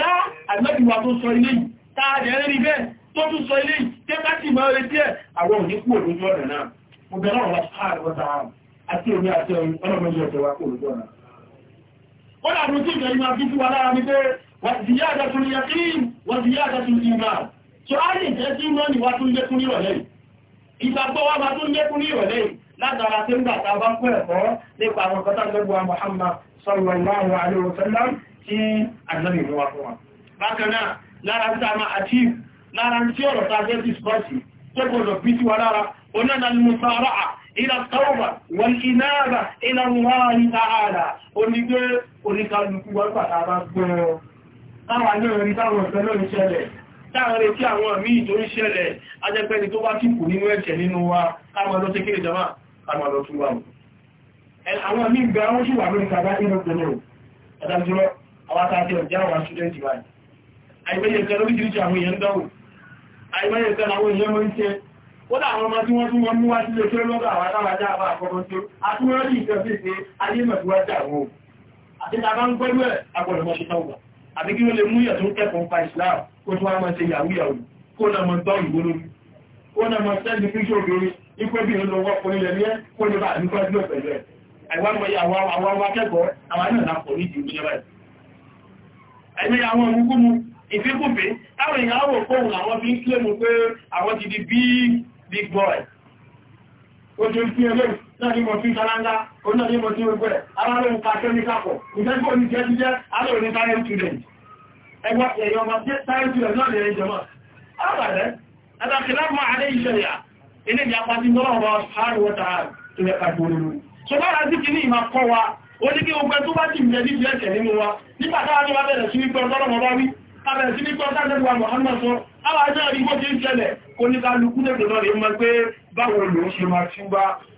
yá àgbẹ̀wà tó sọ ilé yìí táàdẹ̀ rí bẹ́ẹ̀ tó tún sọ ilé yìí tẹ́ bá ti máa retí ẹ̀ àwọn ònípò lójú ọ̀nà náà mo bẹ̀rẹ̀ ọ̀rọ̀ sáàrẹ̀ wọ́ta àti òní àti ọlọ́mọdé ọ̀tẹ̀ wa kò lójú ọ̀nà وزيادة اليقين وزيادة الإيمان سؤال جزي من واتون يكون يولي ìgbàgbọ́ wa ma tún lékún ní ìrọ̀lẹ́ látara tí ń gbà ta bá kún ẹ̀kọ́ nípa àwọn kọta lẹ́gbọ́ Muhammad sallallahu alaihi wasallam tí àjọ́lẹ̀ ìwọ̀n wa fún wa. bákanáà lára ń tàmà àti lára ń tí ọ̀rọ̀ ta jẹ́ discourse tó gbọdọ̀ bí tí wa lára onána ni musara'a ila tawba wal inaba ila Allah ta'ala onígbé oníkàlùkù wọn pàtàkì táwà náà rí táwọn ọ̀fẹ́ lórí ṣẹlẹ̀ táwọn retí àwọn àmì ìtorí ṣẹlẹ̀ ajẹ́pẹ́ni tó bá ti nínú ẹ̀ṣẹ̀ nínú wa káwọn lọ wọ́n sì ọmọ tí wọ́n tún wọ́n mú wá sílé tí ó lọ́gbà àwọn aláwàjá àbá àkọ́kọ́ tó àtúnrọ́lì ìjọ sí pé ayé mọ̀ tí wọ́n àti tàbá ń gbọ́lú ẹ̀ agbọ̀dọ̀mọ́ṣe táwọn àbí kí ó lè mú yẹ̀ tó kẹ́kọ̀ọ́ pa Islam kó tó wá máa ṣe yàwó yàwó kó náà mọ̀ tọ́ ìgbó lórí kó náà mọ̀ sẹ́ndì fíṣò lórí ipé bí ìlú ọwọ́ fún ilẹ̀ yẹ́ kó lè bá àdúgbò ẹgbẹ́ pẹ̀lú ẹ̀ àwọn àwọn akẹ́kọ̀ọ́ àwọn náà lápọ̀ ní ìdí ìjọba ẹ̀ ẹ̀mí àwọn ọmọkúmu ìfíkúfé táwọn èèyàn àwọ̀ fóhùn àwọn fi ń kílẹ̀ mú pé àwọn ti di big big boy ó tó ń fi ẹlẹ́yìn náà ní mọ̀ tí ṣaláńgá oní náà ní mọ̀ tí ogbẹ́ aláàrẹ ń pa kẹ́míkàpọ̀ ní student ẹgbà ẹ̀yọ ọmọ tí student náà lè jẹmọ́ aláàrẹ ẹgbà kìláàmù alẹ́ iṣẹ́ yà ilé ìyapa tí lọ́wọ́ sáré wọ́ta tó yẹ ká gbòòrò so bára sí kìíní ìmá kọ́ wa ó ní kí ogbẹ́ tó bá ti jẹ́ jíjẹ́ ẹ̀ṣẹ̀ nínú wa nígbà táwọn ní wá bẹ̀rẹ̀ sí wípé ọlọ́rọ̀ bá wí abẹ̀rẹ̀ sí wípé ọlọ́rọ̀ wa Muhammad sọ àwọn ajẹ́ ìgbó ti ń ṣẹlẹ̀ oníkálukú lè dọ̀dọ̀ rẹ̀ mọ́ pé báwo lòó ṣe máa túbá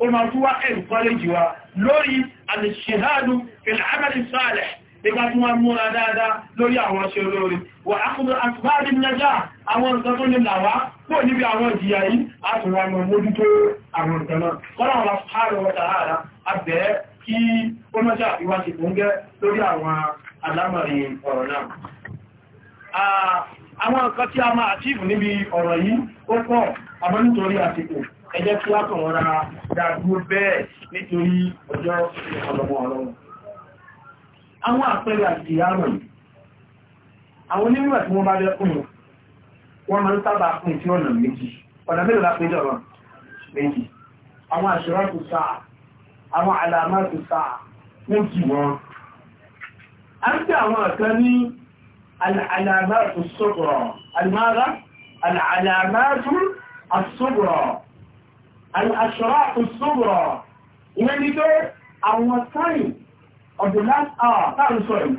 ó ẹ̀rù kọ́lẹ́jì wa lórí alìṣẹ́hádù fìlàmàlì sáàlẹ̀ nígbà tí wọ́n múra dáadáa lórí àwọn ṣe olóore wà ákùnrin àtìbáàrí nẹ́jà àwọn nǹkan tó lè làwá pò níbi àwọn ìjìyà yìí àtùwà mọ̀ mójútó àwọn nǹkan náà kọ́nà wọn láàárọ̀ wọ́ta ààrá abẹ́ kí ó mọ́já ìwà ti gbóngẹ́ a máa àtíìfù níbi ọ̀rọ̀ yìí ó pọ̀ àmọ́ ẹ jẹ́ kí wákàn wọ́n ra dàgbò bẹ́ẹ̀ nítorí ọjọ́ ọlọ́mọ ọlọ́run àwọn àpẹẹrẹ àti ìyáwọ̀n àwọn onímọ̀ tí wọ́n bá jẹ́ fún wọn máa ń sábà fún ìtí ọ̀nà méjì ọ̀nà mélòó la péjọ ọ̀nà méjì àwọn àṣírá tó sáà àwọn àlàmá wọn a ń pè àwọn kan ní àlàmá tó sọ̀rọ̀ àlàmá tó àṣọ́rá ìṣòro ìyẹn ni pé àwọn time of the last hour táàrù sọ ẹ̀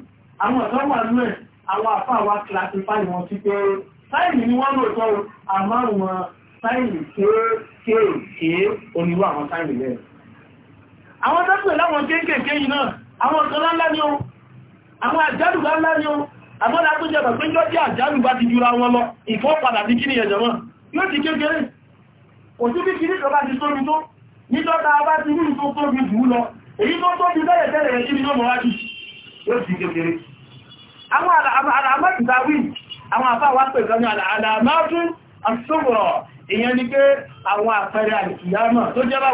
àwọn ọ̀tọ́ wà nínú ẹ̀ àwọn àfá wa classify wọn sí pé táìmì ni wọ́n lòótọ́ àmọ́ àwọn táìmì kéèkéèké oníwọ̀ àwọn táìmì rẹ̀ àwọn tẹ́sùn láwọn kéèkéèké yìí náà àwọn ọ̀tọ́lá ńlá ni ó àwọn àjálùgbà ńlá ni ó àbọ́dá tó jẹ́ pẹ̀lú jọ́jẹ́ àjálùgbà ti jura wọn lọ ìfọ́padà ti kí ni ẹ̀jọ̀ wọn yóò ti kékeré kò sí bí kìí ti tóbi tó níjọba bá ti rí tó tóbi jù lọ èyí tó tóbi bẹ́rẹ̀ tẹ́lẹ̀ rẹ̀ kíbi lọ́mọ wájú yóò sì kékeré àwọn àlàmọ́tìdáwì àwọn àfáwà pè kan ní àlàmọ́tún àṣọ́gbọ̀rọ̀ èyàn ni pé àwọn àpẹẹrẹ àìkìyàmọ̀ tó jẹ́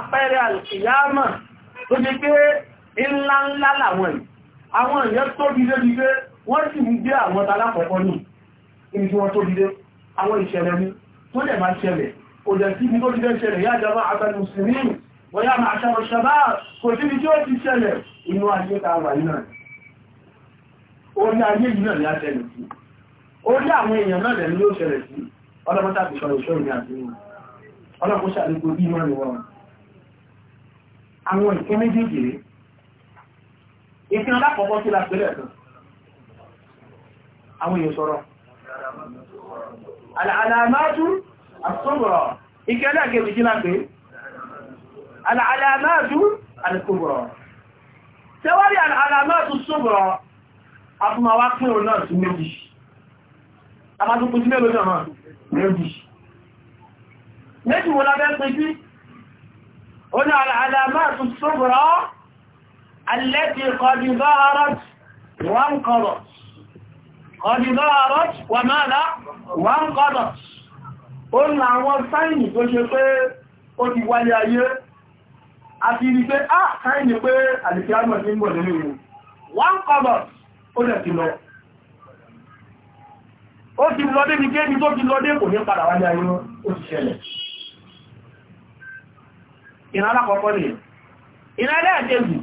àwọn tó ṣe pé ńlá ńlá làwọn yìí àwọn èèyàn tóbi dé bí pé wọ́n sì ń gbé àwọn alákọ̀ọ́kọ́ ní ibi tí wọ́n tóbi dé àwọn ìṣẹ̀lẹ̀ ní tó dẹ̀ máa ṣẹlẹ̀ kò dẹ̀ sí ibi tó ti dé ṣẹlẹ̀ yá jọba àtàlù sùnmí wọ́yá máa ṣàwọn ṣàbá kò sí ibi tí ó ti ṣẹlẹ̀ inú ayé ta wà yìí náà orí ayé yìí náà ni a ṣẹlẹ̀ sí orí àwọn èèyàn náà lẹ́nu ló ṣẹlẹ̀ sí ọlọ́pọ̀ àwọn ìkẹ́ méjèèjì rí ìfihàn lápọ̀pọ̀ tí lápẹ̀lẹ̀ ẹ̀sùn àwọn èèyàn sọ̀rọ̀ alàmátú àtúgbọ̀rọ̀ ìkẹ́ láàkẹ́ ìjì lápẹ̀ alàmátú àtúgbọ̀rọ̀ tẹwàrí alàmátú súgbọ̀rọ̀ afúnmàwá pín òun náà sí méjì méjì wo lábẹ́ pẹ́ sí هنا العلامات الصغرى التي قد ظهرت وانقضت قد ظهرت وماذا وانقضت قلنا àwọn sáìnì tó ṣe pé ó ti wáyé ayé àti ìrí pé á ah, sáìnì pé àlìkíámọ̀ ní gbọ̀dẹ̀ ní ìrìn wọ́nkọ̀bọ̀ ó lẹ̀ ti lọ ó ti lọ dé ní kéèkì tó ti lọ dé kò ní padà wáyé ayé ó ti ṣẹlẹ̀ ìran alákọ̀ọ́kọ́ ni ìran aláàjẹ́gù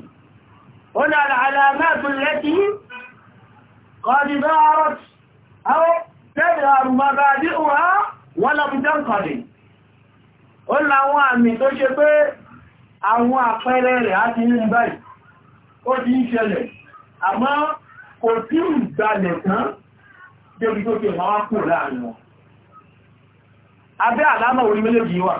ó ní aláàmẹ́kùn lẹ́tí kọ́dí bá rọ̀t áwọ́ tẹ́bí àrùmọ́gá bí wà wọ́n lọ́pùtán kọ̀dí ó láwọn àmì tó ṣe pé àwọn àpẹẹrẹ rẹ̀ á ti ń báyìí ó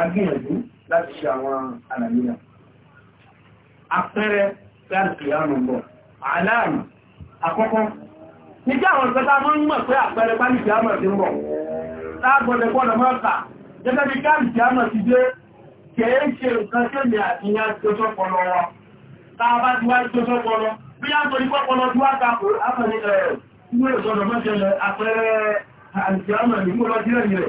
agbìyànjú láti ṣe àwọn àlàyé náà àpẹẹrẹ láti àrùn bọ̀ aláàrùn àkọ́kọ́ nígbà àwọn ìpẹta mọ́ ń mọ̀ pé àpẹẹrẹ pálìsì àmọ̀ ti ń bọ̀ láàgbọ̀lẹ̀ gbọ́dọ̀ mọ́ kà gẹ́gẹ́ bí káàlìsì àmọ̀ ti dé kèé ṣe nǹkan tí èmi àti ìyá tó sọ́pọ̀lọ wa tá a bá ti wá tó sọ́pọ̀lọ bí a ń torí pọ́pọ̀lọ tí wá kàkó àpẹẹrẹ ìwé ìsọ̀rọ̀ mọ́ṣẹlẹ̀ àpẹẹrẹ àìsí àmọ̀ ìmúlọ́dírẹ̀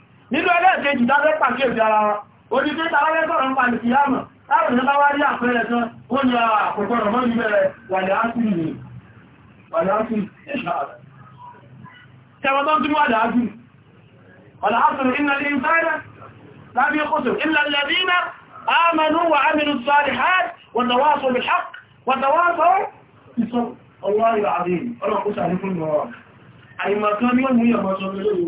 nínú ẹlẹ́ẹ̀kejì dáfẹ́ pàkíyèsí ara wa onígbé tààrẹ sọ̀rọ̀ ń pàdé ìyàmọ̀ láàrin ní bá wá rí àpẹẹrẹ tán ó ní àkókò rẹ̀ mọ́ níbẹ̀ wàlẹ̀ ásìrì ni wàlẹ̀ ásìrì ìṣàrẹ̀ tẹwọ́ tó ń tún wàlẹ̀ ásìrì wàlẹ̀ ásìrì iná lè ń sáyẹ̀ lábí kòtò ilẹ̀ lẹ́bínà ámẹ́nu wà ámìnú sọ́rì hàt wàtàwásọ̀ bí hàk wàtàwásọ̀ ìsọ̀ ọlọ́rọ̀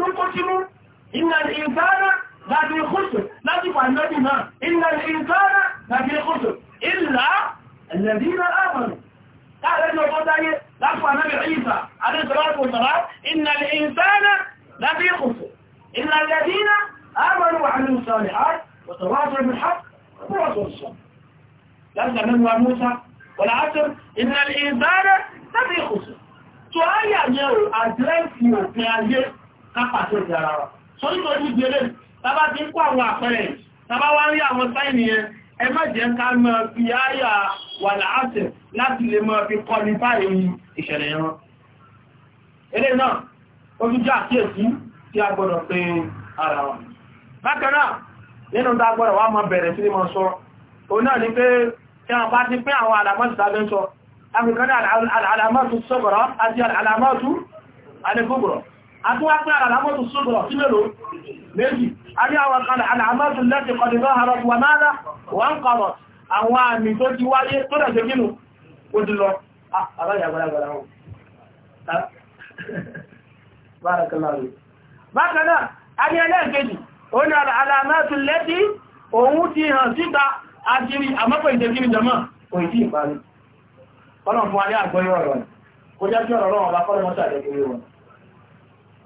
ló kó sínú iná ìgbára láti kóso láti pàdánù náà iná ìgbára láti kóso ìlà ẹ̀lẹ́dínà àmàlù káàrẹ́ ní ọgbọ́n dáyé láti pàdánù ìsà àdẹ́sọ̀rọ̀ iná ìgbára láti kóso iná ìlẹ́dínà àmàlù wà ní ìsọ̀rẹ̀ àti وتواصل بالحق وتواصل الصبر لأن من موسى والعصر إن الإنسان لفي خسر سؤال يجب أدرس في أجل kápàtó ìdára wa sórí tó ní gbèrè tàbá ti ń kó àwọn àpẹẹrẹ tàbá wá rí àwọn sáìnì yẹn ẹ má jẹ́ ká mọ́ fi áyà wà láàṣẹ láti lè mọ́ fi kọ́ ní báyìí ìṣẹ̀lẹ̀ yẹn eré náà ojújá àkíyèsí tí a gbọ́dọ̀ pé ara wa bákan náà nínú tá gbọ́dọ̀ wá mọ́ bẹ̀rẹ̀ sí mọ́ sọ òun náà ni pé tí a bá ti pín àwọn àlàmọ́sù tàbí sọ àfikọ́dá àlàmọ́sù sọ́gbọ̀rọ̀ àti àlàmọ́sù alẹ́gbọ́gbọ̀rọ̀ àtúwápẹ́ àlàmọ́tù sódọ̀ sí mẹ́lò méjì a ní kan àlàmọ́tù lẹ́tì kọ̀dìdọ́ àrọ̀ wà máa rá wà ń kọ̀rọ̀ àwọn àmì tó ti wáyé tó dẹ̀ṣẹ́ gínú ó ti lọ Ọlọ́run fún wa ní àgbọ́yọ̀ ọ̀rọ̀ kó jẹ́ kí ọ̀rọ̀ ọ̀rọ̀ ọba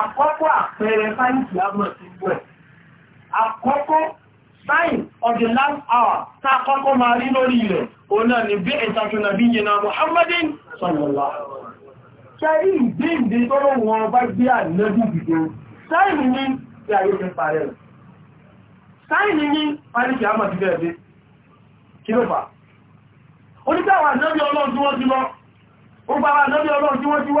àkọ́kọ́ àpẹẹrẹ sáyẹ̀nsì àmọ̀ sí gbọ́ ẹ̀ àkọ́kọ́ sign of the last hour tá àkọ́kọ́ máa rí lórí ilẹ̀ o ni bí ìtàkùn nàbí yẹna Muhammadin sallallahu alaihi wasallam ṣẹ́rí ìgbéǹde tọ́rọ wọn bá gbé ànẹ́bí dìde sáìn ní tí ayé ti parẹ́ sáìn ní paríkì àmà ti bẹ̀rẹ̀ dé kí ló fà oníkàwà ànẹ́bí ọlọ́run tí wọ́n ti lọ ó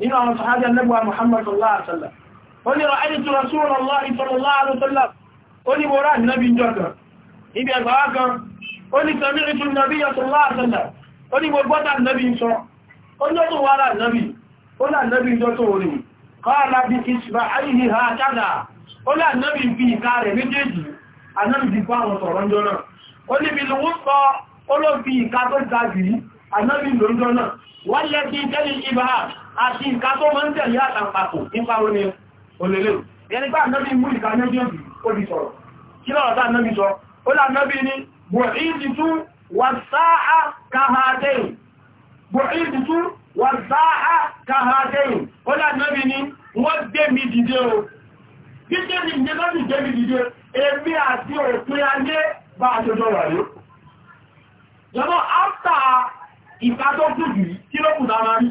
nínú àwọn sàhábí annabuwa muhammad sallallahu alaihi wasallam ó ní ra'aytu rasulullah sallallahu alaihi wasallam ó ní bora annabi jordan ibi agbawa kan ó ní sami'tu an-nabiyya sallallahu alaihi wasallam ó ní gbogbo ta annabi sọ ó ní tó wá annabi ó ní annabi jọ tó rí qala bi isba'ihi hakada ó ní annabi fi ìka rẹ̀ méjèèjì annabi fi bá àwọn sọ̀rọ̀ jọ náà bi lùwúsọ ó ló fi ìka tó annabi lójọ náà wọ́n lẹ́sí àti nǹkan tó mọ́ ń tẹ̀lé àtàpàpò nípa ni, olèlè ẹni pé ànábì mú ìka méjèèjì ó di sọ̀rọ̀ kí lọ́rọ̀ tá ànábì sọ ó lànábì ní bùrìdìtú wàsáà kàhàdẹ́yìn bùrìdìtú wàsáà kàhàdẹ́yìn ó lànábì ní wọ́n gbé mi dìde o gbígbé mi dìde lọ́ sì gbé mi dìde èmi àti òpin ayé bá aṣojú wà ní lọ́nà áfà ìfà tó kù jù kí ló kù dára rí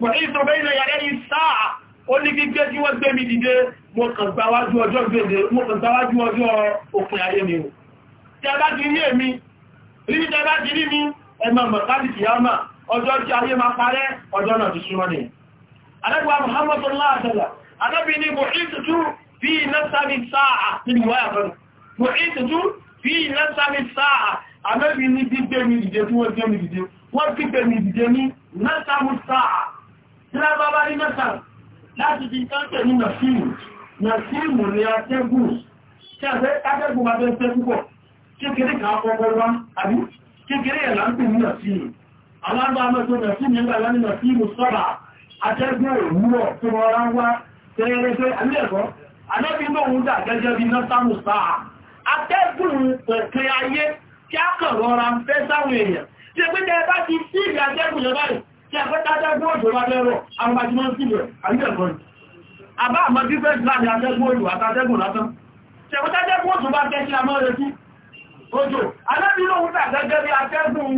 pọ̀lísọ bẹ́ẹ̀lẹ̀ yàrá yìí sáà ó ní gbígbé tí wọ́n gbé mi dìde mo kàn gbáwájú ọjọ́ gbèdè mo kàn gbáwájú ọjọ́ òpin ayé mi o tí a bá ti rí èmi rí tí a bá ti rí mi ẹmọ mọ̀kálìkì yàmà ọjọ́ tí ayé máa parẹ́ ọjọ́ náà ti súnmọ́ ni adẹ́gbà muhammadu aláàtàlá adẹ́bí ni bùhítùtù fi nẹ́sàmì sáà nínú wáyà fẹ́rù bùhítùtù fi nẹ́sàmì sáà adẹ́bí ni gbígbé mi dìde tí wọ́n wọ́n gbígbé mi ní nẹ́sàmì sáà Tílábá bá rí mẹ́ta láti fi káńtẹ̀ ní Nàṣíìmù. Nàṣíìmù ni atẹ́gùn. Ṣé atẹ́gùn bá fẹ́ fẹ́ púpọ̀? Kékeré kan kọ́kọ́ wá, àbí? Kékeré ẹ̀ láńpẹ̀ ní Nàṣíìmù. Àwọn àgbà mẹ́ta Nàṣíìmù ń gbà ní Nàṣíìmù sọ́bà. Atẹ́gùn òwúrọ̀ tó rọra wá tẹ́rẹ́rẹ́fẹ́ alẹ́ẹ̀kọ́. Alẹ́bí náà ń dà gẹ́gẹ́ bí Nọ́sàmù sáà. Atẹ́gùn òkè ayé kí á kàn rọra fẹ́ sáwọn èèyàn. Ṣé pé tẹ́ bá ti sí ìgbà atẹ́gùn yẹn báyìí? tí a fẹ́ tátẹ́gbọ́n òjò bá lẹ́rọ àwọn àjímọ́ sílẹ̀ àríyẹ̀ lọ́rọ̀ àbá àmọ́ difference láàrin atẹ́gbọ́n òjò àtàtẹ́gbọ́n látán tí a fẹ́ tátẹ́gbọ́n òjò bá tẹ́kí àmọ́ rẹ̀ sí òjò alẹ́bìnrin òun tàgẹ́gẹ́ bí atẹ́gbọ́n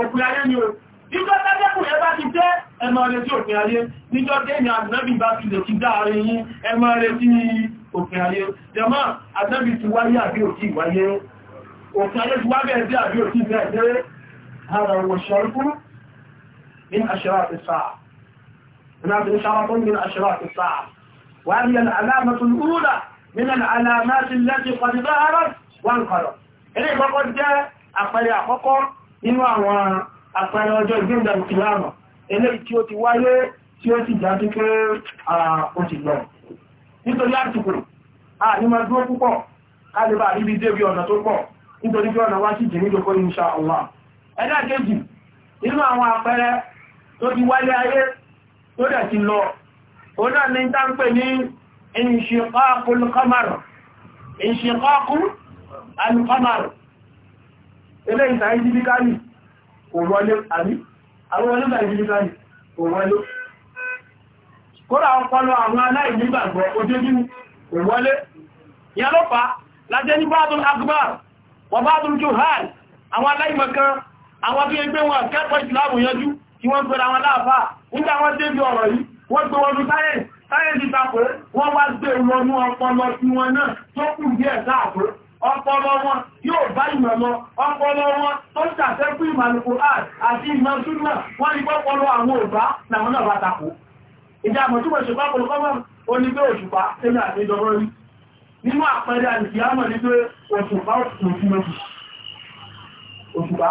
òkùn ayé ni o nígbà tẹ́gbọ́n yẹn bá ti tẹ́ ẹmọ rẹ̀ sí òkùn ayé níjọ́ tẹ́yìn àdínábì bá ti lè ti dáàrin yín ẹmọ rẹ̀ sí òkùn ayé jẹmọ́ àdínábì ti wáyé àbí òkì ìwáyé òkùn ayé ti wá bẹ̀ẹ́ sí àbí òkì bẹ̀ẹ́ من أشراط الساعة هناك إشارة من أشراط الساعة وهي العلامة الأولى من العلامات التي قد ظهرت وانقرضت إليه فقد جاء أقل أخوكم nínú àwọn àpẹẹrẹ ọjọ́ ìgbéǹdà ìkìláàmà eléyìí tí ó ti wáyé tí ó ti dájú pé ó ti lọ nítorí àtìkò àníma dúró púpọ̀ kálíbà níbi débi ọ̀nà tó pọ̀ nítorí pé ọ̀nà wá sí jẹ́ nílòkó insha Allah ẹ̀dá kejì nínú àwọn àpẹẹrẹ tó ti wálé ayé tó dẹ̀ ti lọ ó náà ní dáńpé ní inshiqaqul qamar inshiqaqul qamar ilé ìtàíjíbíkálì kò wọlé àbí àwọn olóòtàíjíbíkálì kò wọlé kóra ọpọlọ àwọn aláìnígbàgbọ́ ojójú kò wọlé ìyá ló fà lájẹ́ ní bádùn akbar tí wọ́n gbẹ̀rẹ̀ àwọn láàfà nígbà wọ́n débi ọ̀rọ̀ yìí wọ́n gbé wọn ní sáyẹ̀nsì sáyẹ̀nsì tapẹ̀ wọ́n wá gbé wọnú ọpọlọ tí wọn náà tó kù díẹ̀ sáàpẹ̀ ọpọlọ wọn yóò bá ìmọ̀ lọ ọpọlọ wọn tó ń ṣàfẹ́kù ìmàlùkù art àti ìmọ̀ súnmọ̀ wọ́n ní pọ́pọlọ àwọn òbá làwọn náà bá tapò ìjà àmọ̀ túnmọ̀ ṣùgbá pọ̀lọ́pọ̀ ó ní pé òṣùpá tẹ́lẹ̀ àti ìjọba rí nínú àpẹẹrẹ àìsíámọ̀ ní pé òṣùpá òṣùpá òṣùpá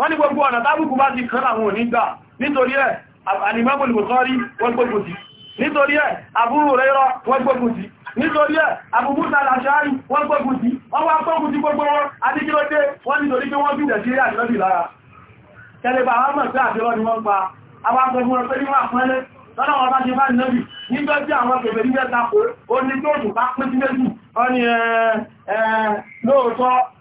wọ́n ní gbogbo ọ̀nà tábùkù bá ti kán àwọn onígbà nítorí ẹ̀ alimamul Bukhari wọ́n gbogbo sí nítorí ẹ̀ Abu Hurairah wọ́n gbogbo sí nítorí ẹ̀ Abu Musa al-Ash'ari wọ́n gbogbo sí wọ́n wá gbogbo sí gbogbo wọn adíkílódé wọ́n nítorí pé wọ́n bídẹ̀ sí àjọ́bì lára tẹ́lẹ̀bà wọ́n mọ̀ sí àjọ́rọ́ ni wọ́n pé wọ́n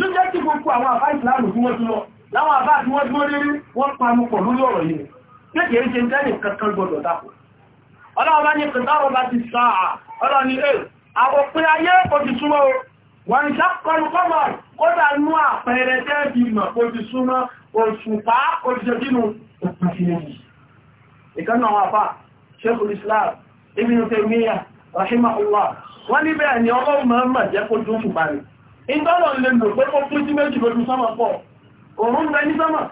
ló jẹ́ kí gbogbo àwọn àbá ìsìláàmù tí wọ́n ti lọ láwọn àbá tí wọ́n dúró lérí wọ́n panu pọ̀ lórí ọ̀rọ̀ yìí kéèkéé ṣe tẹ́lẹ̀ kankan gbọdọ̀ dápò ọlọ́run ni ẹ̀ àwọ̀pẹ́ ayé kò ti súnmọ́ o wọ́n ń sákọlù kọ́mọ̀ kódà nú àpẹẹrẹ tẹ́ẹ̀bì mọ̀ kò ti súnmọ́ òṣùpá kò ti jẹ́dínú òpùsìlẹ̀yì ìkan náà wà Sheikhul Islam Ibn rahimahullah wọ́n níbẹ̀ ni ọlọ́run mọ̀ jẹ́ kó dún ṣùgbà rẹ̀ ìtọ́lọ̀ lè mọ̀ pé ó pín sí méjì lójú sọ́mọ̀ pọ̀ òun rẹ̀ ní sọ́mọ̀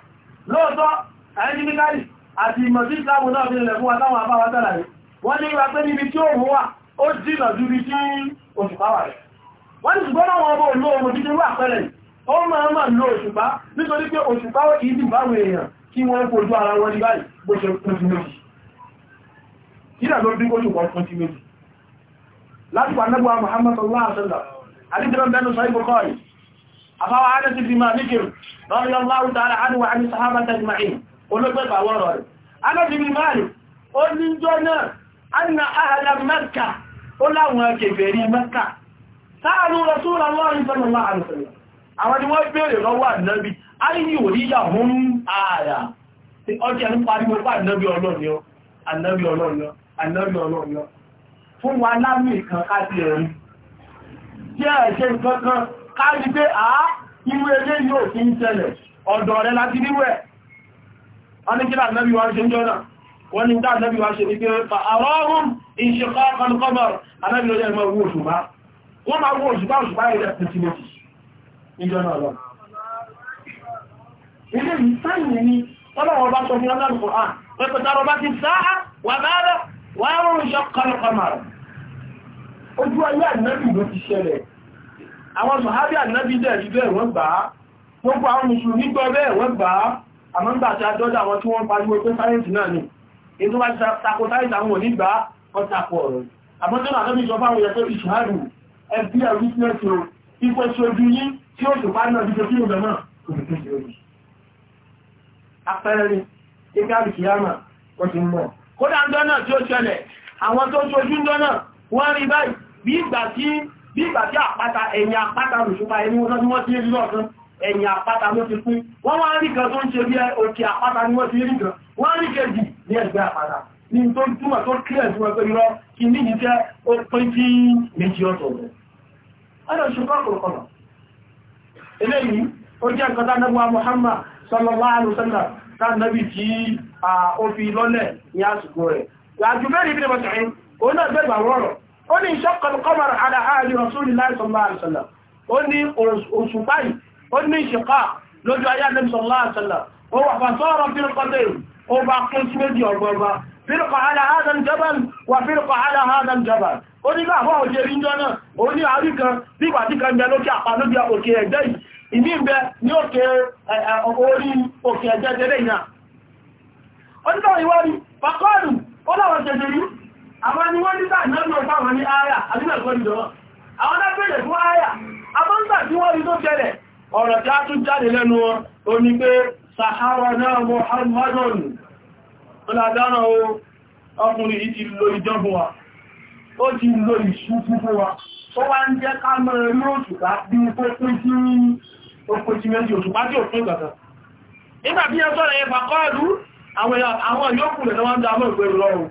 lóòtọ́ àyíkíkárì àti ìmọ̀ sí ìsìláàmù náà fi lẹ̀kún àtàwọn àbáwá tàlàyé wọ́n ní wà pé níbi tí ó wà ó jìnà ju bí tí òṣùpá wà rẹ̀ wọ́n ní ṣùgbọ́n àwọn ọmọ òlú ohun títí wà pẹ́lẹ̀ ó máa máa lo òṣùpá nítorí pé òṣùpá ó ìdí báwọn èèyàn kí wọ́n fojú ara wọn ní báyìí bó ṣe pín sí méjì kí náà ló bí kó ṣùgbọ́n pín sí méjì láti wà nẹ́gbà Muhammad Allah sallallahu àdíjọ́ mẹ́nu sọ ibùkọ́ yìí afáwà ánẹ́sì fi máa níkir lọ́rọ̀lọ́wọ́ tààrà àdúwà àmì sàhábà tàjmáì na wọ́rọ̀ rẹ̀ ánẹ́sì fi máa rí ó ní jọ náà anna ahàlà mẹ́kà ó láwọn kèfèrí mẹ́kà sáàrù rọ̀súnlọ́wọ́ Fún wa lámì kan ẹ̀rí jẹ́ ẹ̀ṣẹ́ nǹkankan káàrí pé àá irú ilé yóò ti ń tẹ́lẹ̀ ọ̀dọ̀ rẹ̀ láti níwẹ̀ wọ́n ní kí láàrín wọ́n ṣe ń jọ́nà wọ́n ní dáa lẹ́bí wọ́n ṣe ní pé fa àwọ́rún ìṣẹ́kọ́ kanukọ́mọ̀ alábìlọ́jẹ́ ìmọ̀ owó òṣùpá wọ́n máa wó òṣùpá òṣùpá ilẹ̀ pẹ̀tì méjì ojú ayé ànábì ló ti ṣẹlẹ̀ àwọn mọ̀hábí ànábì dẹ̀rí bẹ́ẹ̀ wọ́n gbà á gbogbo àwọn mùsùlùmí gbọ́ bẹ́ẹ̀ wọ́n gbà á àmọ́ ń gbàtí adọ́dà wọn tí wọ́n pariwo pé sáyẹ́ǹsì náà ni èyí tó bá ti tako sáyẹ́ǹsì àwọn òní gbà á kọ́ tako ọ̀rọ̀ àmọ́ tó náà sọ fáwọn yẹ pé ìṣòhárù ẹbí ẹ̀ witness o ipò ṣojú yín tí ó sì parí náà bí ṣojú ìgbà náà kò sì kéjì lórí apẹ́rẹ́ ìgbàlù kìíyàmà wọ́n ti mọ̀ kódà ń dọ́nà tí ó ṣẹlẹ̀ àwọn tó ṣojú ń dọ́nà wọ́n rí báyìí bí ìgbà tí àpáta ẹ̀yìn àpáta lùsùpa ẹni wọ́n tí wọ́n ti rí lọ́ọ̀kan ẹ̀yìn àpáta ló ti pín wọ́n wá rí kan tó ń ṣe bí òkè àpáta ni wọ́n ti rí kan wọ́n rí kejì ní ẹgbẹ́ àpáta ní tó túnmọ̀ tó kílẹ̀ sí wọn irọ́ kí ní ó pín méjì ọ̀tọ̀ọ̀tọ̀ ó ní ìṣọ́kọ̀ al-qamar ala ahli Rasulillah sallallahu alaihi wasallam ó ní òṣùpá yìí ó ní ìṣẹ́kà lójú ayé Ànábì sallallahu alaihi wasallam ó wà fasara firqatayn ó bá kún sí méjì ọgbọgba firqa ala hadha al-jabal wà firqa ala hadha al-jabal ó ní láàmú òjè ríjọ náà ó ní àrí kan bí ìgbà tí kan bẹ lókè àpá pàkọ́ọ̀lù ó tẹ̀lẹ̀ yìí àwọn ni wọ́n nígbà náà mọ̀ fáwọn ní ààyà àdínàkọ́dìdọ́ àwọn lápẹ̀lẹ̀ fún ààyà abọ́ngbà tí wọ́n rí tó tẹ́lẹ̀ ọ̀rọ̀ tí a tún jáde lẹ́nu ní pé sahara náà Muhammadun ọlàdánà ọkùnrin yìí ti lo ìjọba wa ó ti lo ìṣú wa ó wá ń jẹ́ ká mọ́ ẹ̀rí òṣùpá bí i pópin sí òpin sí méjì òṣùpá tí òpin gbàgbà nígbà bí ẹ sọ́rọ̀ ẹ fàkọ́ọ̀lú àwọn yóò kùnlẹ̀ lọ́wọ́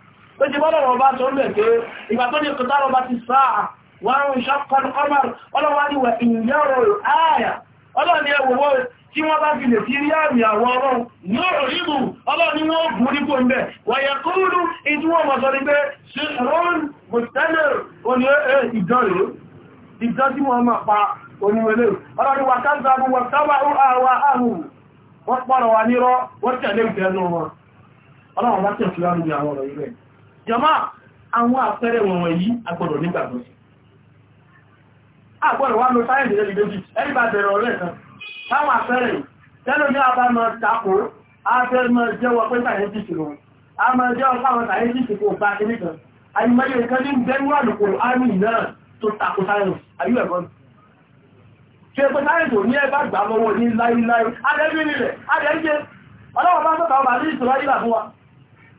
tó ti bọ́lọ̀ ọba tó ń bẹ̀gbé ìgbà tó ní kọtà ọba ti sáà wọ́n ń ṣọ́kọ̀lù kọmọ̀rù ọlọ́wà ní wà ìyọ́rọ̀ ààyà ọlọ́ni ẹwọ̀wọ́ tí wọ́n bá fi lè fi rí àmì àwọn ọlọ́run yóò rígbù wọ́n bú nípò ń bẹ̀ wọ̀yẹ̀ kúrú ìtí wọ́n ní àwọn ààrùn wọ́n jọmọ́ àwọn àpẹẹrẹ wọ̀nwọ̀n yìí agbọ́dọ̀ nígbàgbọ́ sí agbọ́dọ̀ wá lọ sáyẹ̀dì lẹ́bí lójú ẹni bá bẹ̀rẹ̀ ọ̀rẹ́ kan táwọn àpẹẹrẹ tẹ́lọ ní àbámọ́ tako afẹ́mọ́ jẹ́wọ́ pé sáyẹ́ntìsì lọ a mọ́ jẹ́wọ́ káwọn sáyẹ́ntìsì kò bá kiri kan àyùmọ́lẹ̀ nǹkan ní bẹ́rù àlùkò àmì náà tó tako sáyẹ́ntìsì ayú ẹ̀kọ́ ṣe pé sáyẹ́ntì ò ní ẹ bá gbà lọ́wọ́ ní láíláí adẹ́bí nílẹ̀ adẹ́bí ọlọ́wọ́ bá sọ́ta ọba ní ìṣòro ayé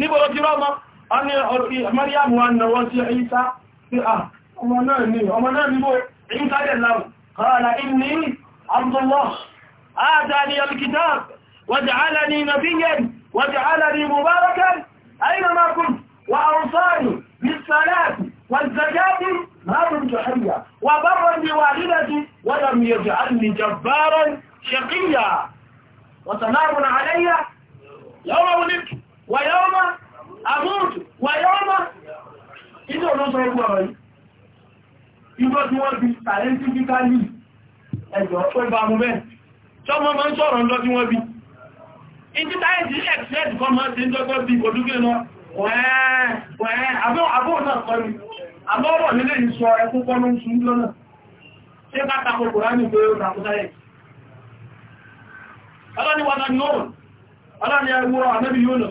níbo ló ti rọ́mọ a ní ọ̀tí wa nà wọ́n sí ẹ̀yíta sí ní ọmọ náà ní bó ẹ̀yíta dẹ̀ láwù kọ́ọ̀lá inú Abdullah آتاني الكتاب وجعلني نبيا وجعلني مباركا أينما كنت وأوصاني بالصلاة والزكاة ما كنت حيا وبرا بوالدتي ولم يجعلني جبارا شقيا وسلام علي يوم ولدت wàyọ́mà àmúùtù wàyọ́mà inú olóṣọ́ ogun ọ̀rọ̀ yìí ìgbọ́ tí wọ́n bí sàyẹ́ntífíkálì ẹ̀jọ̀ pẹ́ bá mú mẹ́ ṣọ́mọ́ máa ń sọ̀rọ̀ ńlọ tí wọ́n bí ìdí táyẹ̀tì ẹ̀kṣẹ́ẹ̀tì kan máa ti ń n'ile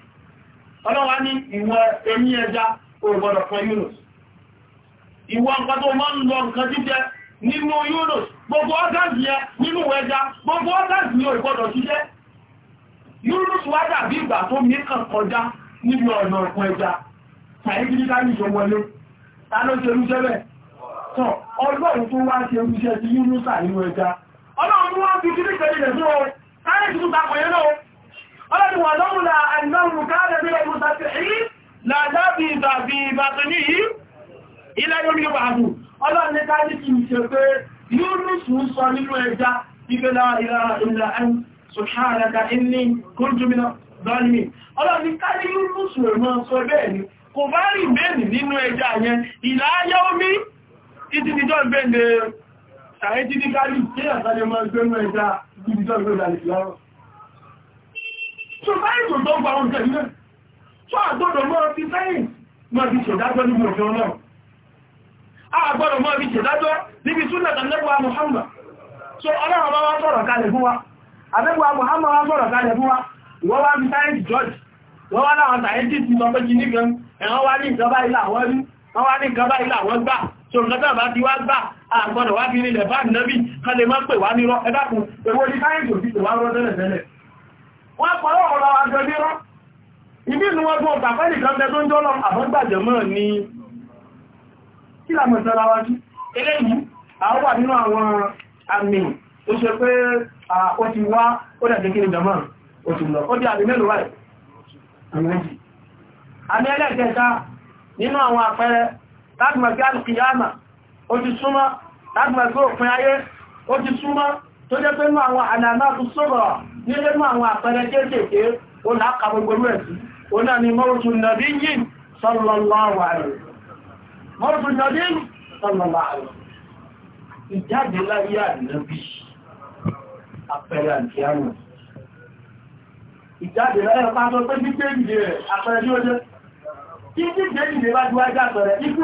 ọlọ́wà ní ìwọ̀n ẹ̀mí ẹja ògbọ́dọ̀ kan Yunus ìwọ̀n nǹkan tó máa ń lọ nǹkan jíjẹ nínú gbogbo ẹ nínú ẹja gbogbo ọ́gáàzì ní ògbọ́dọ̀ jíjẹ Yunus wá dàbí ìgbà tó mìíràn kọjá níbi ọ̀nà ọ̀pọ̀ ẹja tàíkìdíkà níjọ wọlé ọlọ́dún wà lọ́wọ́lá àìnáhùn káàrẹ̀ bí ẹmú sàtìrí láàdábì ìbàbí ìbàbí ní ilẹ̀ lórí ìbàbù ọlọ́dún ní káàrí kìí ṣe pé yúrùsù sọ nínú ẹja ìgbélá ìlà ẹn sọ̀hánàkà inní kúrùjúmínà bọ́ọ̀lì ọlọ́dún káàrí yúrùsù ẹ̀mọ́ sọ bẹ́ẹ̀ ni kò bá rí bẹ́ẹ̀ni nínú ẹja yẹn ìlà ayé omi títí díjọ́ ìgbẹ́ni ṣàyẹ́ títí káàrí tí àtàlẹ́mọ́ ìgbẹ́nu ẹja títí díjọ́ ìgbẹ́ni so sáyẹ̀nsì tó ń gba oúnjẹ ilé so àgbọ́dọ̀ mọ́ ti sáyẹ̀nsì mọ́ ti ṣèdájọ́ níbi òfin ọlọ́run àgbọ́dọ̀ mọ́ ti ṣèdájọ́ níbi súnlẹ̀tà lẹ́gbàá Muhammad so ọlọ́run bá wá sọ̀rọ̀ kalẹ̀ fún wa àlẹ́gbàá Muhammad wá sọ̀rọ̀ kalẹ̀ fún wa ìwọ́n wá fi sáyẹ̀nsì george wọ́n wá láwọn sáyẹ́ntìsì ti lọ pé kí nìkan ẹ̀wọ́n wá ní ìjọba ilé àwọn rí wọ́n wá ní ìjọba ilé àwọn gbà so nǹkan bá ti wá gbà àgbọ́dọ̀ wá fi nílẹ̀ bá nẹ́bí kan lè má pè wá nírọ́ ẹ̀dàkùn èwo ní sáyẹ́ntì òfin tó wá rọ́ tẹ́lẹ̀ tẹ́lẹ̀ wọ́n pọ̀lọ́ ọ̀rọ̀ àjọdírọ́ ibi inú wọn gbọ́n bàbá nìkan tẹ́ tó ń jọ́lọ àbọ́gbàjẹ̀ mọ́ ní kí làmọ̀ sára wá sí eléyìí àwọn wà nínú àwọn àmì tó ṣe pé ó ti wá ó dẹ̀ kékeré jọmọ́ ó ti lọ ó di àmì mélòó wáyé àmì méjì àmì ẹlẹ́ẹ̀kẹta nínú àwọn àpẹẹrẹ láti mọ̀ sí àlùkìyàmà ó ti súnmọ́ láti mọ̀ sí òpin ayé ó ti súnmọ́ tó jẹ́ pé mọ́ àwọn àlàmà tó sọ́rọ̀ nílé mọ́ àwọn àpẹẹrẹ kéékèèké ó láàkà gbogbo rẹ̀ sí ó náà ni mọ́rùtù nàbí yìí sallallahu alaihi mọ́rùtù nàbí sallallahu alaihi ìjáde láyé ànábì àpẹẹrẹ àdìyànà ìjáde láyé pàtó pé jíjẹ́ ìdè rẹ̀ àpẹẹrẹ ló jẹ́ kí jíjẹ́ ìdè bá ju ajá pẹ̀rẹ̀ ikú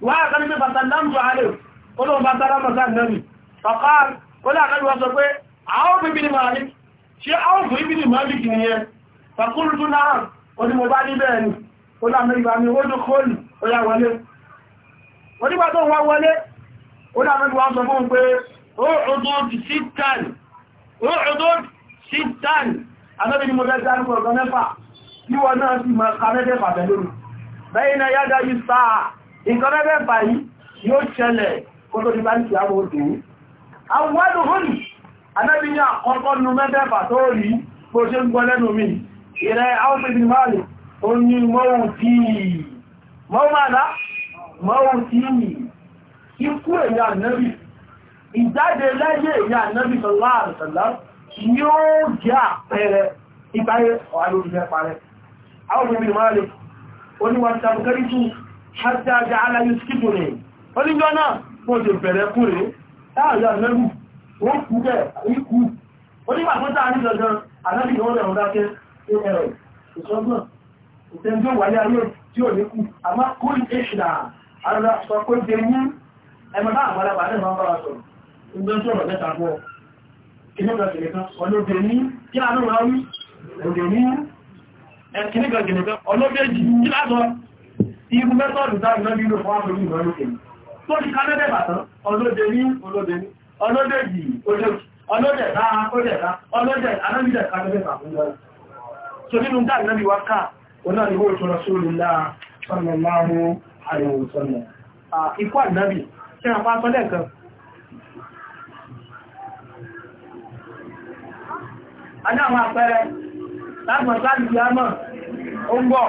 wáyà kan pé bàtàlámù alẹ́ olóhun bàtàlámù sáà nẹ́rì fàkàr olè àkàrí wọ́n sọ pé àwọn bíbí ni màálí ṣe àwọn fún ibi ni màálí kì nìyẹn fàkúrùtù náà onímọ̀ bá ní bẹ́ẹ̀ ni olè àmẹ́gbà mi ó dún kóòlù ó yá wọlé onígbà tó wá wọlé olè àmẹ́gbà sọ fún ìkọ́rẹ́bẹ̀ báyìí yóò ṣẹlẹ̀ kótódi bá ń ti àwọn òdò àwọn wádùn anábi ní àkọ́kọ́ nú mẹ́bẹ̀bà tó rí bó ṣe ń gbọ́ lẹ́nu mi ìrẹ́ àwọn pẹ̀lú máàlì ó ní mọ́wù tí mọ́wàdá mọ́wù tí ikú èyà nẹ́bì ìjáde lẹ́yẹ èyà nẹ́bì sọ̀lá ó ní wọ́n hátí ajá aláyé skipu ni oníjọ́ náà kò jẹ bẹ̀rẹ̀ kú rẹ̀ láàrin àmẹ́rù ó kú bẹ̀ ikú onígbàkútà ní gangan àlẹ́bì ìwọ́n rẹ̀ ọ̀dákẹ́ ẹ̀rọ ìṣọ́gbọ̀n ìtẹ́jọ́ wáyé ayé tí ò ní kú àmá kó ìṣìdà ara sọ pé jẹ ní ẹmọ́dá àgbàlagbà náà máa ń bára sọ̀rọ̀ ìgbẹ́jọ́ ọ̀rọ̀ mẹ́ta bọ́ kìnnìkan ọlọ́bẹ̀ ní kí láàrín ọ̀rọ̀ wí ọ̀dẹ̀ ní ẹ̀kìnnìkan ọlọ́bẹ̀ jì kí láàrín irú mẹ́tọ́ọ̀dù dáa náà nílò fún àwọn olùmọ̀ lókè ní tó ti kánẹ́dẹ̀ bàtán ọlọ́dẹ ní ọlọ́dẹ ní ọlọ́dẹ yìí ọlọ́dẹ dáa ọlọ́dẹ dáa ọlọ́dẹ anábìdẹ̀ kánẹ́dẹ̀ bàtán lọ́rọ̀ so nínú dáa náà ni wá ká oná ni ó tún Rasulullah sallallahu alaihi wasallam Ah, ànábì tí a pàtọ́ lẹ́ẹ̀kan a ní Ana àpẹẹrẹ láti mọ̀ sáàdì ìyá mọ̀ ó ń bọ̀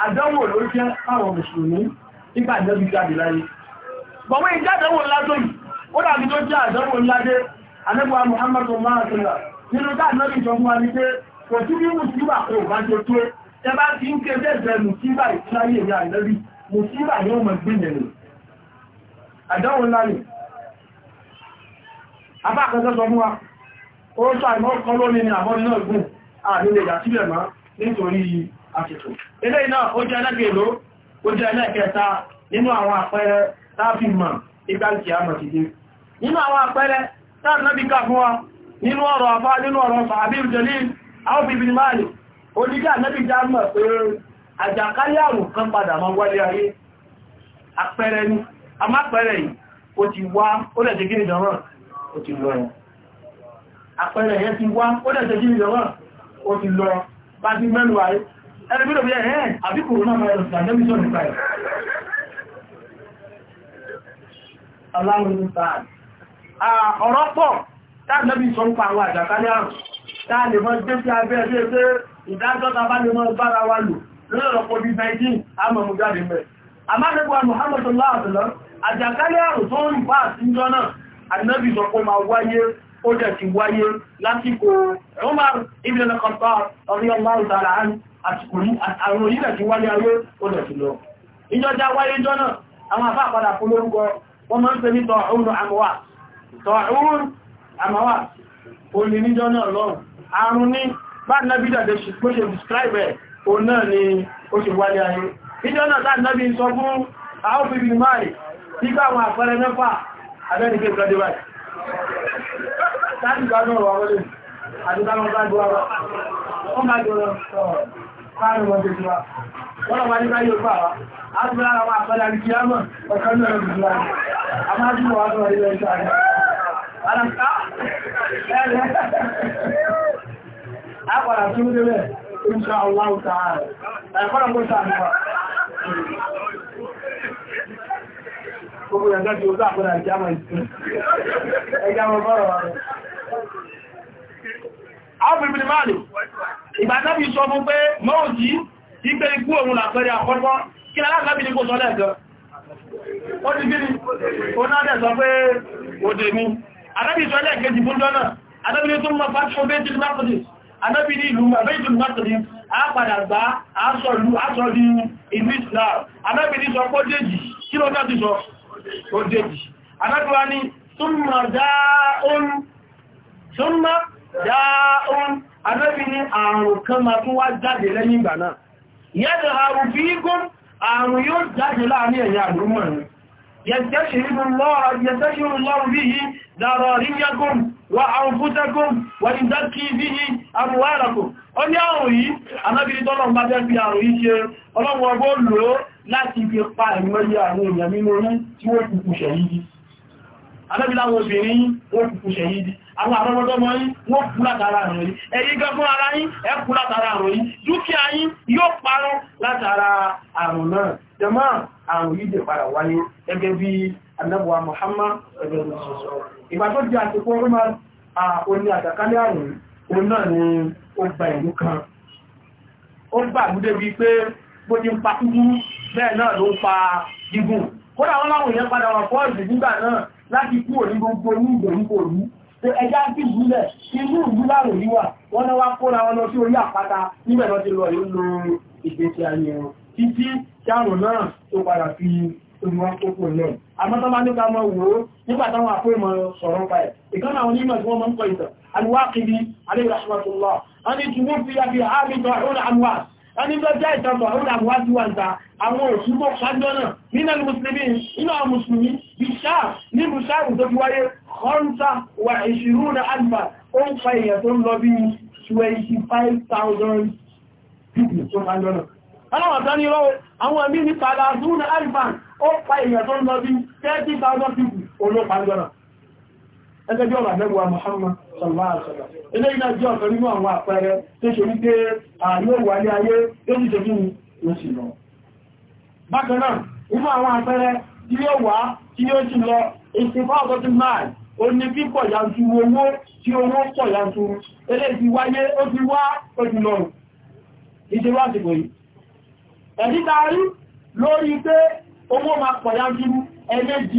àdánwò lórí jẹ́ àwọn mùsùlùmí nígbà ìjọbi jáde láyé bọ̀wọ́ ìjádánwò ńlá tó yìí ó dàbí tó jẹ́ àdánwò ńlá dé muhammadu mahatunra nínú dáàdánwò ìjọba wa ní pé kò sí bí mùsùlùmí kò bá ṣe tó ẹ bá ti ń ké bẹ́ẹ̀ mùsùlùmí yóò àdánwò ńlá ni àsìkò eléyìí náà ó jẹ́ ẹlẹ́gbẹ̀ẹ́lò ó jẹ́ ẹlẹ́kẹta nínú àwọn àpẹẹrẹ táàfi mọ̀ ìgbàlùkì àmọ̀tìdé nínú àwọn àpẹẹrẹ táàbí ká nínú ọ̀rọ̀ nínú ọ̀rọ̀ àpẹẹrẹ a máa pẹ̀rẹ̀ yìí ó ti wá yẹn ti wá ó ó lọ bá ti ẹni bí lòbí ẹ̀hẹ́ àbí corona virus làjẹ́bí sọ́rọ̀ nípa ẹ̀ aláwọ̀ nípa ọ̀rọ̀ pọ̀ táàbí sọ nípa àwọn àjàkálẹ̀ àrùn táà lè mọ́ gbé sí abẹ́ ẹgbẹ́ pé ìdájọ́ta bá lè mọ́ bára wa lò lọ́rọ̀ covid-19 àmọ̀mù jáde mẹ́ àmáṣẹ́gbà Muhammadu láàbìlá àjàkálẹ̀ àrùn tó ń bá àtijọ́ náà ànábì sọ pé máa wáyé ó dẹ̀ ti wáyé lásìkò Umar ibn al-Khattab radiyallahu ta'ala anhu àrùn yìí lẹ̀tí wáyé ayé ó lẹ̀tí lọ ìjọjá wáyé jọ náà àwọn àbá àpàdà fún lórúkọ wọ́n máa ń pè ní tọ̀ọ̀rún àmọ́wà tọ̀ọ̀rún àmọ́wà olè níjọ náà lọ́rùn àrùn ní bá nábí dàdé bó ṣe describe ẹ̀ ó ṣe wáyé ayé níjọ káàrin wọn tètè wa wọ́n wá nígbà yóò pàwá ádùúrà àwọn àpẹẹrẹ àti kíámọ̀ ọ̀kan náà lọ́dún wa a máa dùn wá sọ ilẹ̀ ìta rẹ̀ alàkà ẹ̀rẹ̀ àpàdà tó ń débẹ̀ insha Allah ta'ala ẹ̀kọ́nà kó sàmì wa àwọn bọ́rọ̀ wa rẹ̀ ìgbàtàbí sọ fún pé mọ́ọ̀dí ìgbé ikú òun làpẹẹrẹ àkọ́kọ́ kí aláàbí ní kò sọ lẹ́ẹ̀kan ó ti gírí ó náà dẹ̀ sọ pé òdè mú adábí sọ lẹ́ẹ̀kejì fún lọ́nà adábí ní tó mọ́ fásitì bẹ́ẹ̀tì methodist adábí ní ìlú bẹ́ẹ̀tì methodist àápadà gbá àásọ̀lú àásọ̀lú ìlú islam adábí ní sọ pọ́déjì kí ló dá ti sọ òdèjì adábí wá ní túnmọ̀ dáa dáún anábi ní àrùn kan ma tún wá jáde lẹ́yìn ìgbà náà yẹ́dẹ̀ àrùn bí gún àrùn yóò jáde láàrin ẹ̀yà àdúmọ̀ rẹ̀ يستشعر الله به ضراريكم وأنفسكم ويزكي به أموالكم ó ní àrùn yìí anábìrí tọ́lọ̀ bá jẹ́ fi àrùn yìí ṣe ọlọ́run ọgbọ́ lò ó àwọn àtọmọdọ́mọ yín wọ́n kú látara àrùn yìí ẹ̀yin gan fún ara yín ẹ kú látara àrùn yìí dúkìá yín yóò parun látara àrùn náà jẹmọ́ àrùn yìí dé padà wáyé gẹ́gẹ́ bí anábọ̀wá Muhammad ẹgbẹ́ ìṣòṣọ́ ìgbà tó di àsìkò ni ó gba ìlú kan ó gbà àgúdé bíi pé bó ti ń pa kúkú bẹ́ẹ̀ náà ló ń pa gígùn láti kúrò ní gbogbo ní ìgbèríko òní ẹjá sí ìbúlẹ̀ inú ìlú láàrùn yíwà wọ́n náwá kóra wọn lọ sí orí àpáta níbẹ̀ lọ ti lọ yóò lo ìgbésí ayé wọn títí ṣàrùn náà tó padà fi ìwọ̀n kókò náà àmọ́tọ́lá nípa mọ́ wò ó nígbà táwọn àpéèmọ̀ sọ̀rọ̀ pa ẹ̀ ìkan àwọn onímọ̀ tí wọ́n mọ́ ń kọ ìtàn alwákìdí alẹ́ ìrọ̀ṣọ́lá ẹnìjọjá ìtàbọ̀ ọ̀rọ̀ àwájúwàjá àwọn òṣùgbọ́ ṣájọ́nà nínà mùsùlùmí iná mùsùlùmí bíṣà ní bùṣàrù tó fi wáyé kọ́ńtà wà ìṣirú na alfa ó ń fa èèyàn tó ń lọ bí 25,000 people tó ṣájọ́nà aláwọ̀ tán ní rọ́wọ́ àwọn ẹ̀mí ní tààdású na alfa ó fa èèyàn tó ń lọ bí 30,000 people olóòpàá sọ̀rọ̀máàṣọ̀lá. Ilé iná jẹ́ ọ̀tọ̀ nínú àwọn àpẹẹrẹ tó ṣe wípé ààyè wáyé ayé tó ní ṣojú ló sì lọ. Bákan náà, inú àwọn àpẹẹrẹ tí ó wá tí ó sì lọ, ìsìnká ọ̀tọ́tí máì, ó ní pípọ̀ yanturu owó tí owó pọ̀ yanturu. Ilé ti wáyé ó ti wá ó ti lọ. Ìṣe wá sì pè. Ẹ̀dí taari lórí pé owó máa pọ̀ yanturu, ẹ̀mẹ́jì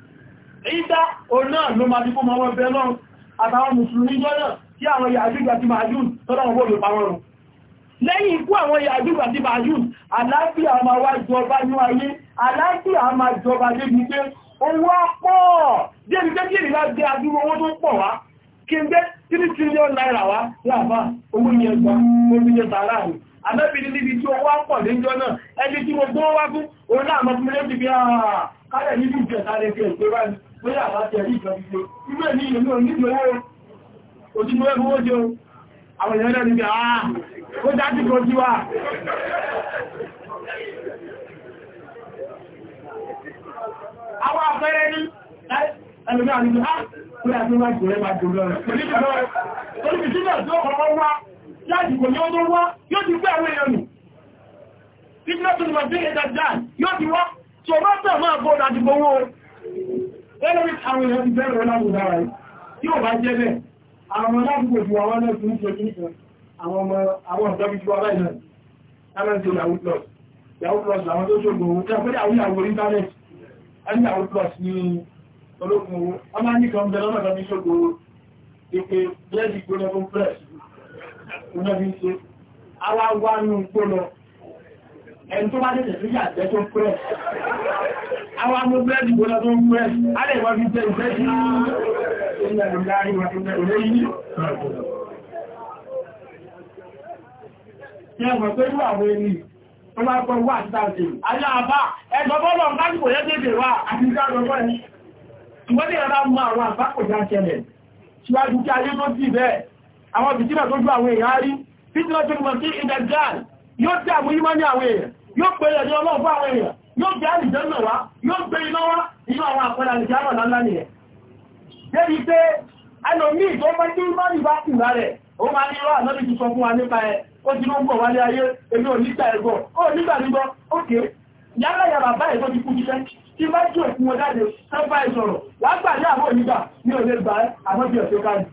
ìdá òun náà ló máa dípò máa wọ́n bẹ lọ́rùn àtàwọn mùsùlùmí jọ́nà tí àwọn yàjúgbà ti máa jùn tọ́lá wọn bọ́ọ̀lù pàwọ́rùn lẹ́yìn ikú àwọn yàjúgbà ti máa jùn àlàáfíà máa wá jọba ní ayé àlàáfíà máa jọba débi pé owó pọ̀ débi pé kí ìrìnlá jẹ́ adúrú owó tó pọ̀ wá kí n gbé 3 trillion naira wá láàbá owó yẹn gbà omi yẹn tààrà rẹ̀ àmẹ́bìnrin níbi tí owó pọ̀ lẹ́jọ́ náà ẹni tí mo gbọ́ wá fún òun náà mọ̀ fún mi bóyá àwọn àti ẹ̀rí ìjọ gbígbé ilé ní ìlú onígbò owó òjìgbò ẹgbò owó jẹun àwọn èèyàn rẹ̀ nígbà àà ó dájú kò jíwà àwọn àpẹẹrẹ ní ẹlùmí àrídù á onye àti wá jù rẹ̀ máa jù lọ Tí ó bá tẹ̀ máa bọ́ ìdájú owó lẹ́lọ́rí àwọn èèyàn ti bẹ̀rẹ̀ lábùdá rẹ̀ tí ó bá jẹ́ bẹ́ẹ̀ àwọn lábùgbò ju àwọn lẹ́sùn ní ṣojú nìkan àwọn ọmọ àwọn ọ̀dọ́ bí ju wa báyìí náà táwọn ti yahoo plus yahoo plus làwọn tó ṣògbò owó tí a pẹ́lẹ́ àwọn ìyàwó internet ẹni yahoo plus ní olókun owó wọ́n máa ní kan bẹ lọ́nà kan ní ṣògbò owó ìpè blẹ́ẹ̀dì gbóná fún press ẹni tó bá tẹ̀sẹ̀ sí yàjẹ́ tó pẹ́ àwọn amúgbẹ́dì gbọ́nà tó ń pẹ́ alẹ́wọ́n fi jẹ́ ìfẹ́ sí Ìwọ́n ni ẹ̀rọ mọ́ àwọn àbákòjá ṣẹlẹ̀, ṣíwájú kí ayé tó dì bẹ́ẹ̀, àwọn bìtínà tó jú àwọn èèyàn rí, fítínà tó mọ̀ sí ìdẹ̀gáàlì yóò tí àwọn ìmọ́ ní àwọn èèyàn yóò pé ẹjọ́ ọlọ́run fún àwọn èèyàn yóò gbé àrìjẹ́ náà wá yóò gbé iná wá inú àwọn àpẹẹrẹ àrìjẹ́ àrọ̀ lálá nìyẹn débi pé ẹlòmí tó mọ́ ní mọ́rí bá kù lárẹ̀ ó máa ní rọ́ ànábì ti sọ fún wa nípa ẹ ó ti ló ń bọ̀ wálé ayé èmi ò nígbà ẹ̀gọ́ ó nígbà nígbọ́ ókè yálà yàrá báyìí tó ti kú jíṣẹ́ tí bá jù òkú wọn jáde tán bá ìsọ̀rọ̀ wá gbà ní àwọn onígbà ní òní gbà ẹ́ àwọn bí ọ̀tẹ́ káàdì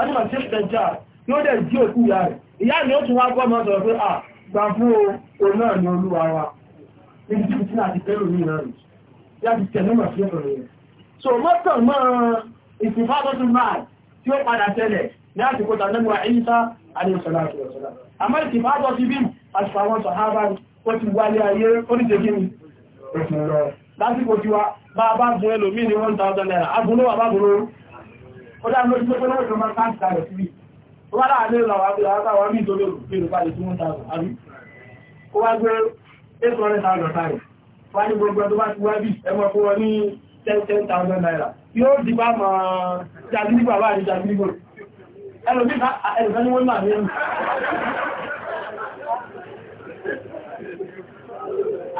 ọdún àti ìṣẹ́jà yóò dẹ̀ jí òkú ìyá rẹ̀ ìyá ni ó tún wá gbọ́mọ sọ̀rọ̀ pé gbà fún o náà ní olúwa wa níbi tí kìtìlá àti tẹ́lò ní ìran rẹ̀ láti tẹ̀lé mọ̀ sí ọ̀rọ̀ rẹ̀ so mọ́tàn mọ́ ìsìnfàtọ́tún máa tí ó padà tẹ́lẹ̀ ní àsìkò tàbíwà ìyíta àdéhùsọ̀láàtì ọ̀sọ̀lá àmọ́ ìsìnfàtọ́ ti bí àṣìfàwọn sọ̀hábà ó ti wálé ayé oníṣẹ́gínì òfin lọ lásìkò tí wa bá bá bú ẹlòmí ní 1000 naira agúnlówà bá tó bá láàrin lọ́wọ́ àbí àtàwọn mí tó lórí pé lùpàdé tí wọ́n tààrù àbí kó wá gbé 800,000 tààrù wá ní gbogbo tó bá ti wá bí ẹmọ fún wọn ní 10,000 naira yóò di bá mọ̀ jàdínlígbà bá ní jàdínlígbò ẹlòmí ẹlòmí wọ́n náà ní ẹnu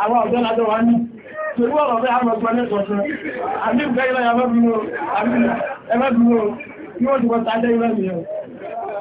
àwọn ọ̀dọ́ lájọ́ wá ní torí wọ́n lọ́fẹ́ àwọn ọgbọ́n lẹ́kọ̀ọ́sán àbí ìgbẹ́ ilẹ̀ ẹmẹ́bìnrin ẹmẹ́bìnrin yóò ti wọ́n tàájẹ́ ilẹ̀ mìíràn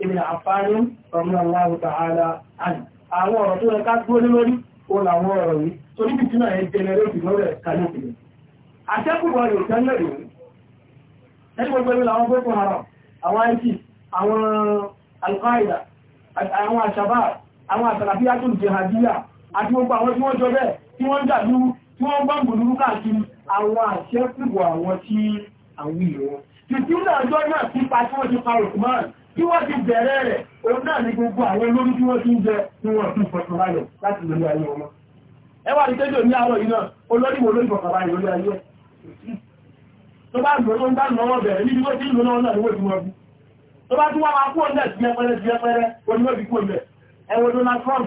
ibn Affan radiyallahu ta'ala anhu àwọn ọ̀rọ̀ tó yẹ ká gbóni lórí ó làwọn ọ̀rọ̀ yìí torí bìtì náà yẹn jẹnẹrétì lọ́rẹ̀ kálífìlì àṣẹ́kùbọ̀ rẹ̀ tẹ́lẹ̀ rẹ̀ ẹni gbogbo ẹni làwọn Boko Haram Al-Qaeda àwọn Al-Shabaab àwọn àtàlàfíà tó jihadiyya àti gbogbo àwọn tí wọ́n jọ bẹ́ẹ̀ tí wọ́n ń dàbí tí wọ́n bá ń bò lórúkà sí àwọn àṣẹ́kùbọ̀ àwọn tí àwọn ìlú wọn. tìtì náà jọ náà pípa tí wọ́n ti pa Rukman tí wọ́n ti bẹ̀rẹ̀ rẹ̀ òun náà ní gbogbo àwọn olórí tí wọ́n ti jẹ ní wọ́n tún fọ̀tún láyọ̀ láti lórí ayé ọmọ ẹwà ní tẹ́jọ ní àárọ̀ iná olórí wo lórí fọ̀tún láyọ̀ lórí ayé tó bá tó ń bá lọ́wọ́ bẹ̀rẹ̀ níbi wọ́n ti ń náà náà tí wọ́n bú tó bá tún náà ẹwọ Donald Trump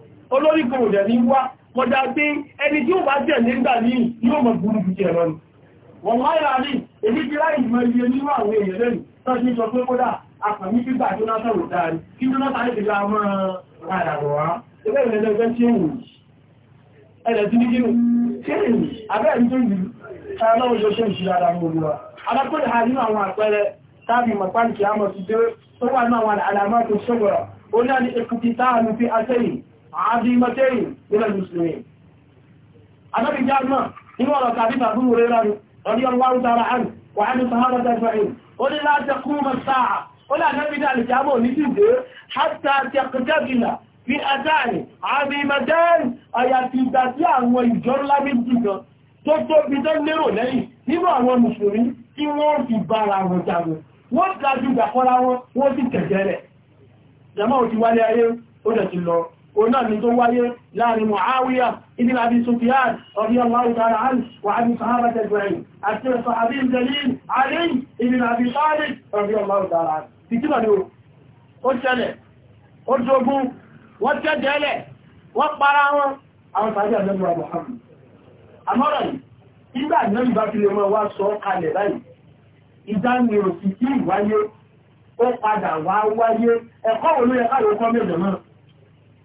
olórí kòrò dẹ̀ ní wá mọ́já pé ẹni tí ó bá jẹ́ nígbà ní yóò mọ̀ burú jù jẹ́ rọrùn wọ́n láyà rí èyí ti láì mọ iye nínú àwọn èèyàn lẹ́nu tó sọ pé kódà àpàmí gbígbà tó náà sọ̀rọ̀ dáadé kí tó náà sáré la mọ́ padà rọ̀ wá ó ní àwọn àpẹẹrẹ tó ṣọ́gbọ̀rọ̀ ó náà ní ekùtì táàmù fi àtẹ́yìn عظيمتين من المسلمين النبي جاء ما إن وراء تعريف أبو هريرة رضي الله تعالى عنه وعن الصحابة أجمعين قل لا تقوم الساعة قل النبي جاء لجامعه نتيجة حتى تقتبل فئتان عظيمتان أياتيتاتي àwọn ìjọ ńlá méjì kan tó tóbi tó lérò lẹ́yìn nínú àwọn mùsùlùmí tí wọ́n fi bára wọn jagun wọ́n dájú ìgbàkọ́ra wọn wọ́n sì tẹ̀jẹ̀ rẹ̀ jẹ́mọ́ òtí wálé ayé ó dẹ̀ ti lọ قلنا من دواية لا لمعاوية ابن أبي سفيان رضي الله تعالى عنه وعن صحابة أجمعين أكثر الصحابي الجليل علي ابن أبي طالب رضي الله تعالى عنه في كما نقول قلتنا قلتوا واتجهل وقبراه أو صحابي أجمع محمد أمرني إذا النبي بكر يوم واسو قال لي إذا نيوسيتي wáyé ó padà wá wáyé ẹ̀kọ́ wo ló yẹ káàkiri ọkọ́ mẹ́jọ náà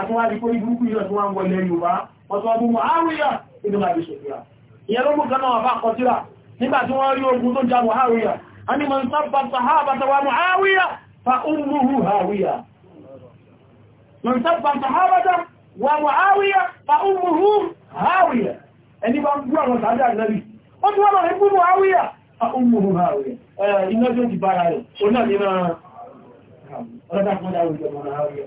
àtúnwádìí kó ní burúkú yíò tó wá ń wọlé Yorùbá wọ́n tó wá gúnmọ̀ àwíyà inú àbí sòfíà ìyẹn ló mú gánà wà bá kọtíra nígbà tí wọ́n rí ogun tó jagun àwíyà a ní mọ̀ sábà sàhábà tàwà mọ̀ àwíyà fa ummuhu àwíyà mọ̀ sábà sàhábà tàwà mọ̀ àwíyà fa ummuhu àwíyà ẹni bá ń gbú àwọn tàbí àgbẹ̀rí ó tí wọ́n lọ rí gbúrú àwíyà fa ummuhu àwíyà iná tó ti bára rẹ̀ ó náà nínú ọ̀rọ̀dá fún àwíyà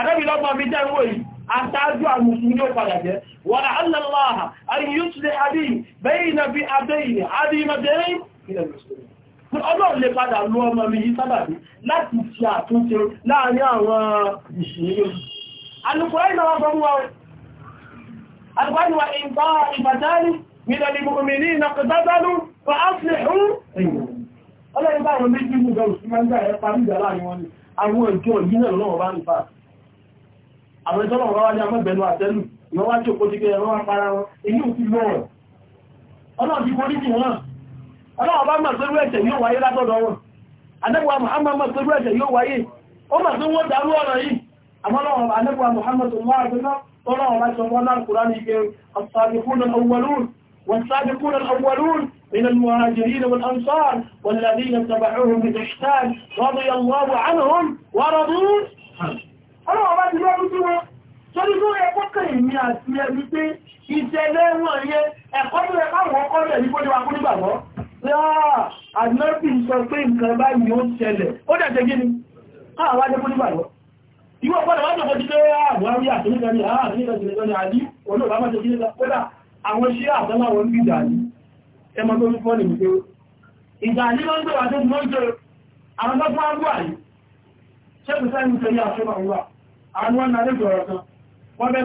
Àdábì lọ́gbọ̀n bí jẹ́ ìwò yìí, àtàájú àmùsùn ní ó padà jẹ́. Wọ́n aláàláà, àríyúsílẹ̀ àdí, bẹ́yìn na bí abẹ́yìn, àdí mẹ́jẹ́rin, ilẹ̀ mùsùlùmí. Ọlọ́run lè padà lọ ọmọ mi yìí sábàbí láti ṣe àtúnṣe láàrin wọn méjì mú gẹ̀rù sí máa ń gbà ẹ parí ìjà láàrin wọn ni, àwọn ìjọ ìgbìnà lọ́wọ́ bá ń fà. àwọn ìtọ́lọ̀ ọ̀rọ̀ wájú amọ́bẹ̀lú àtẹ́lù ìwọ́n wá tí ó kó jíkẹ́ wọ́n para wọn èyí ò fi lọ́rọ̀ ọlọ́run ti kojú wọn ọlọ́run bá lo loro pẹ̀lú ko ẹ̀ṣẹ̀ yóò wáyé látọ̀dọ̀ wọn anẹ́gbà Muhammad mọ̀ pẹ̀lú ẹ̀ṣẹ̀ yóò wáyé ó mọ̀ pé wọ́n darú ọ̀rọ̀ yìí àmọ́lọ́run من المهاجرين والأنصار والذين اتبعوهم بإحسان رضي الله عنهم ورضوا عنه ọlọ́wọ́ bá ti lọ́dún tí wọ́n torí ló yẹ kọ́kàn èmi àti ẹbí pé ìṣẹ̀lẹ̀ wọn yẹ ẹ̀kọ́ tó yẹ káwọn ọkọ́ rẹ̀ ní kójú wa kó nígbàgbọ́ àdínọ́bì sọ pé nǹkan báyìí ó ṣẹlẹ̀ ó dẹ̀ṣẹ̀ gíní káà wájẹ́ kó nígbàgbọ́ ìwọ ọ̀pọ̀lọ̀ wájẹ́ kó jílé àwárí àtúnlẹ́gbẹ̀rẹ̀ àárín àdí olóòbámọ́ tó gílé kódà àwọn iṣẹ́ àtọ́láwọn bí ìdàní ẹmọ tó ń fọ́ nìmi pé ìdàní ló ń gbé wà tó ń mọ́ ń jẹ́ àwọn tó fún àgbà yìí ṣẹ́kù sáyẹ̀ ń tẹ̀lé àṣọ́bà wà àwọn nàrí jọ̀rọ̀ kan wọ́n bẹ́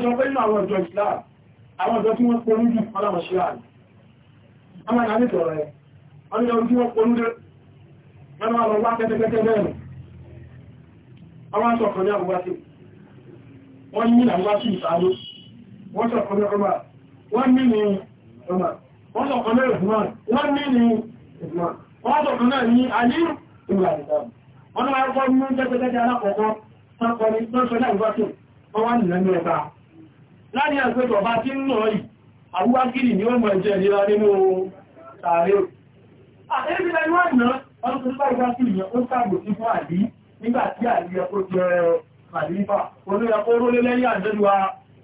ọmọ ọmọ ọmọ láàrin àgbẹ́tọ̀ bá tí ń nà rí àwúwágìrì ni ó mọ̀ ẹ̀jẹ̀ ìlera nínú tààrí ò. àẹ́bìnà inú àìnà ọdún tó bá ìgbà sí ìyàn ó sàgbò sí fún àdí nígbà tí àdí ẹkó jẹ àdífà olóyà kó rólé lẹ́yìn àjẹ́lúwà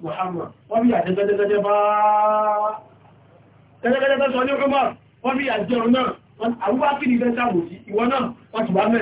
Muhammad wọ́n bí àjẹ́jẹ́jẹ́jẹ́ bá tẹ́jẹ́jẹ́jẹ́ sọ ní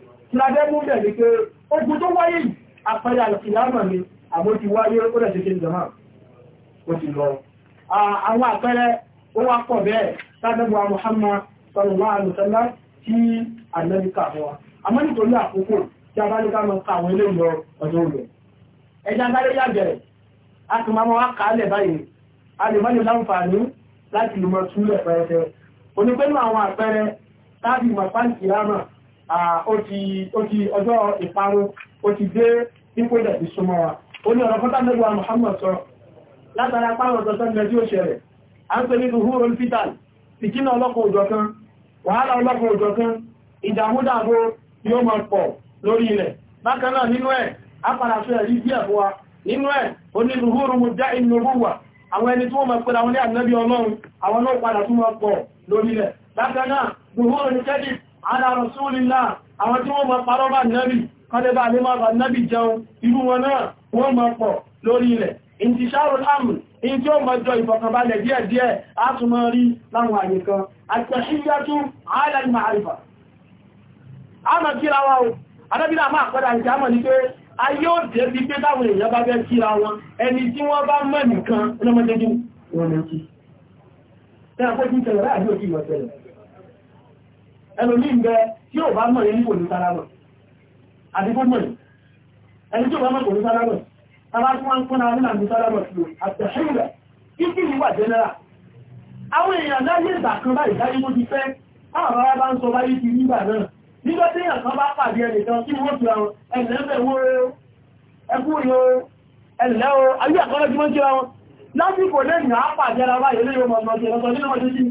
Tíládé mú bẹ̀ ní pé ogun tó wáyé àpẹẹrẹ àlùkìyàmọ̀ ni àmọ́ ti wáyé ó rẹ̀ ṣeṣe ìjọmọ̀. Ó ti lọ. Àwọn àpẹẹrẹ ó wá pọ̀ bẹ́ẹ̀ sádẹ́gbà Muhammad sallallahu alaihi wasallam tí àlẹ́bí kà fún wa. Àmọ́ nítorí àkókò tí a bá ní ká mọ ká àwọn ilé ìlọ ọjọ́ olè. Ẹja sáré yàgẹ̀rẹ̀. A ti máa wá kàálẹ̀ ọjọ́ ìparun ó ti dé ipò ìdẹ̀ ti súnmọ́ wa o ní ọ̀rọ̀ fọ́tà lẹ́gbà Muhammad sọ látara páwọn tọ́tọ́ ilẹ̀ tí ó ṣẹlẹ̀ a ń pè ní ruhurul fitan ìkínà ọlọ́kọ̀ òjọ̀ kan wàhálà ọlọ́kọ̀ òjọ̀ kan ìdàmúdàbò yóò máa pọ̀ lórí ilẹ̀ bákan náà nínú ẹ̀ apàràṣọ ẹ̀rí wa nínú ẹ̀ ní àwọn ẹni tí wọ́n ní ọlọ́run àwọn náà padà tún pọ̀ lórí ilẹ̀ bákan náà ala rasulillah àwọn tí wọ́n ma parọ́ bá nábì kọ́lẹ̀bá ní máa bá nábì jẹun irú wọn náà wọ́n ma pọ̀ lórí ilẹ̀ ìntìṣàrò láàmù in tí ó ma jọ ìfọ̀kànbalẹ̀ díẹ̀díẹ̀ á tún mọ́ rí láwọn àyè kan àtẹ̀síyàtú ala al-ma'rifa a mọ̀ kíra wa o adábílá máa pẹ́dà ìjámọ̀ ní pé a yóò dé bí pé táwọn èèyàn bá fẹ́ kíra wọn ẹni tí wọ́n bá mọ̀ nìkan lọ́mọdé ẹlòmí ń bẹ tí ò bá mọ̀ yẹn ní kò ní sára lọ àdíkò mọ̀ ẹni tí ò bá mọ̀ kò ní sára lọ tàbá tí wọ́n ń kún náà nílànà sára lọ sí àtẹ̀ṣẹ́rẹ̀ kíkí ní wà jẹ́nẹ́rà àwọn èèyàn láyé ìgbà kan báyìí láyé mo ti fẹ́ táwọn bàbá bá ń sọ báyé ti nígbà náà nígbà tí èèyàn kan bá pàdé ẹnìkan tí wọ́n fi àwọn ẹ̀lẹ́fẹ̀ o ayé àkọ́lọ́ tí wọ́n kí wọn lásìkò lẹ́yìn àápàdé ara báyìí lóyún ọmọ ọmọdé ọmọdé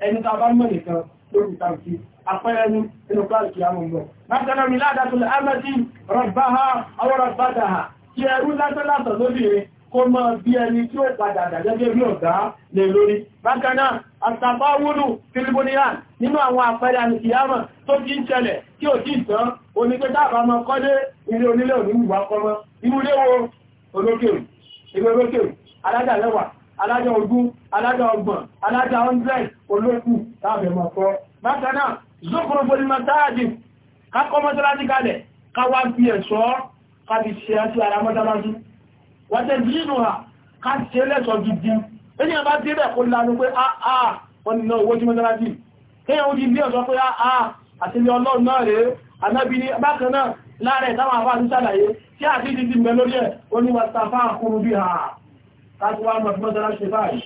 ẹni tá a bá mọ̀ nìkan lórí tàbí àpẹẹrẹ ní inú pàtàkì àwọn ọmọ látẹ́lẹ̀ mi ládàtò amẹ́sí rọ̀báha ọwọ́rọ̀bádáha kí ẹrú látọ́látọ̀ lóbìnrin kó mọ́ bí ẹni tí ó padà dàgẹ́gẹ́ bí ọ̀gá lè lórí bákanáà àtàbáwúlù filibonian nínú àwọn àpẹẹrẹ àmìkìyàmọ̀ tó ti ń ṣẹlẹ̀ tí ò tí ìtàn onígbẹ́ta àbámọ́ kọ́lé ilé onílé òní ìwà kọmọ inú léwo olókèrè ìgbẹ̀rókèrè alájà lẹ́wà alájá ogún alájá ọgbọ̀n alájá 100 olókù tàbí mọ̀kọ́ bákanáà zókòrògbòlì mọ́sáàjì kákọ́ mọ́sálásí kalẹ̀ káwà fi ẹ̀ṣọ́ kábi ṣe àti ara mọ́sálásí wọ́tẹ̀ jínú ha ká ṣe lẹ́ṣọ́ gidi ènìyàn bá dé bẹ̀ kó lánú pé àà ah, ah, wọ́n ni náà owó tí mọ́sálásí kéyàn ó di ilé ọ̀sọ́ pé àà ah, àti ilé ọlọ́run náà rèé anábi ni bákanáà láàrẹ̀ táwọn àfáà ti sàlàyé tí àti ti ti mẹ́ lórí ẹ̀ oníwàtàfáà kúrú bí ha káàkiri wá mọ́sálásí báyìí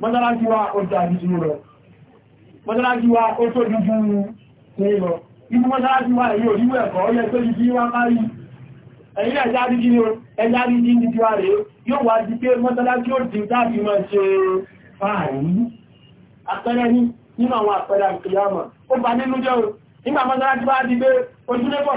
mọ́sálásí wá ó jà jù lọ mọ́sálásí wá ó tó jù jù ní lọ ibi mọ́sálásí wá èyí òdíwò ẹ̀kọ́ ó yẹ tó jù jù wá kárí ẹ̀yìn ẹ̀já rí jí ni ó ẹ̀já rí jí ní tiwa rèé yóò wá di pé mọ́sálásí ó di dábì máa ṣe fàáyí àpẹẹrẹ ní nínú àwọn àpẹẹrẹ àkìyàmọ̀ ó bá nínú jẹ́ nígbà mọ́sálásí bá di pé ojúlé pọ̀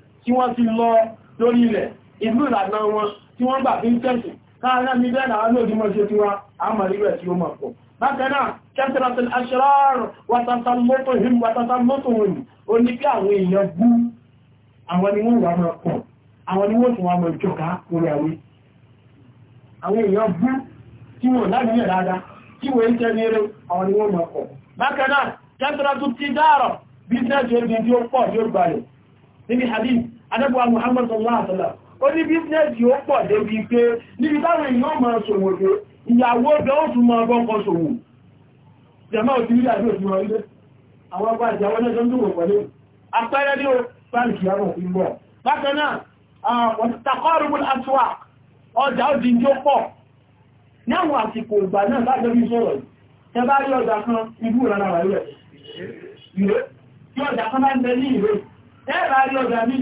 tí wọ́n ti lọ lórí ilẹ̀ ìlú ìlànà wọn tí wọ́n gbà fi ń tẹ̀sìn káàrẹ́ mi bẹ́ẹ̀ náà lóòdí mọ́ ṣe tí wá àmà rí rẹ̀ tí ó máa pọ̀. bákan náà kẹsìrọ̀tì aṣọ́rọ̀ wàtàtàmọ́tòhìn wàtàtàmọ́tòhìn ó ní bí àwọn èèyàn bú àwọn ni wọ́n wà máa pọ̀ àwọn ni wọ́n tún wà máa jọ̀ká orí àwé àwọn èèyàn bú tí wọ́n láti yẹ̀ dáadáa tí wọ́n ń tẹ́lẹ̀ rẹ̀ àwọn ni wọ́n máa pọ̀. bákan náà kẹsìrọ̀tì ti dáàrọ̀ bí adẹ́gbà Muhammad sallá ó ní bísínẹ́sì ó pọ̀ débi pé níbi táwọn èèyàn máa ṣòwò pé ìyàwó ọdọ́ ó tún máa bọ́kọ ṣòwò jẹmọ́ òtí rí àjò òtún ọdún àwọn ọgbà ìjàwó lẹ́jọ́ tó wò pẹ̀lú apẹ́rẹ́ ní ó báńkì àwọn òfin bọ̀ bákan náà takọ́rùn-ún àtúwà ọjà ó di ní ó pọ̀ ní àwọn àsìkò ìgbà náà lájọ́ bí sọ̀rọ̀ tẹ bá rí ọjà kan ibú ìrànà wà rẹ̀ ìrẹ́ tí ọjà kan bá ń bẹ ní ìrẹ́ tẹ́ẹ̀rà rí ọjà míì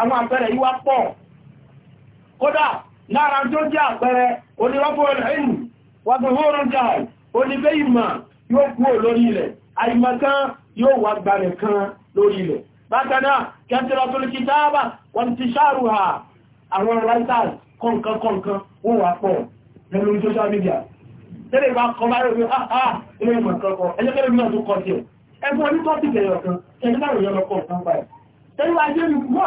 àwọn àpẹẹrẹ yíwá pọ̀ kódà lára tó jẹ́ àpẹẹrẹ onírọ́pọ̀ ẹ̀rìn wàgbọ̀hórùn jáì oníbẹ́ ìmọ̀ yóò kú lórí ilẹ̀ àìmọ̀kan yóò wà gbalẹ̀ kan lórí ilẹ̀ bákanáà kẹtìrọ̀tún kìtàbà wọ́n ti ṣàrùhà àwọn writers kọ̀ǹkan kọ̀ǹkan wọ́n wà pọ̀ lẹ́nu social media tẹ́lẹ̀ ìwà kan bá rẹ̀ ah, ah, ilé ìmọ̀ kan kọ̀ ẹjẹ́ kẹ́lẹ̀ mìíràn tó kọ̀ sí ẹ̀ ẹgbọ́n onítọ́sí kẹyọ̀ kan ẹgbẹ́ tẹ́lú ajé ní wa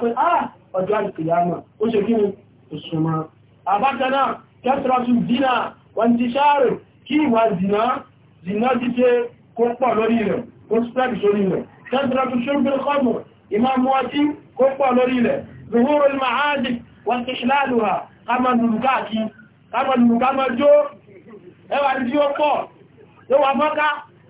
pé á ah, ọjọ́ àìkìyàmà ó ṣe kí ni òṣùmọ́ àbákaná kẹsìrọ́tún dínà wọ́n ti ṣáàrù kí ìwà zìnà zìnà jíṣe kó pọ̀ lórí rẹ̀ kó spread sórí rẹ̀ kẹsìrọ́tún ṣúgbìn kọ́mù ìmáàmù ọtí kó pọ̀ lórí rẹ̀ zuhuru al-ma'adi wa istihlaluha kama nùlùkáàkì kama nùlùkáàmà jó ẹwà ní tí ó pọ̀ ló wà mọ́ká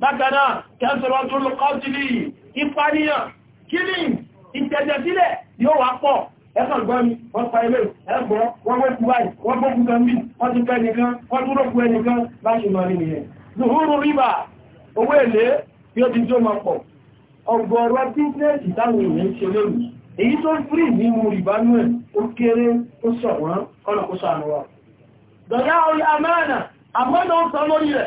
Bákaná, kẹsọ̀rọ̀ tó lọ kọ́ sí lè ìpànìyàn, kí ní ìtẹ̀jẹ̀ sílẹ̀ yóò wá pọ̀. Ẹ̀sọ̀ gbọ́ mi, wọ́n pa ilé, ẹgbọ́, wọ́n wé kú báyìí, wọ́n gbọ́ kúkan wọ́n ti pẹ́ nìkan, wọ́n dúró kú ẹnìkan láti mọ̀ rí nìyẹn. riba, owó èlé bí ó ti jó máa pọ̀. Ọgọ́rọ̀ bíznẹ́sì táwọn èèyàn ṣe lórí. Èyí tó fírì nínú rìbá náà, ó kéré, ó ṣọ̀wọ́n, kọ́nà kó sànù wa. Dọ̀yá orí amánà, àmọ́nà ó sọ lórí rẹ̀,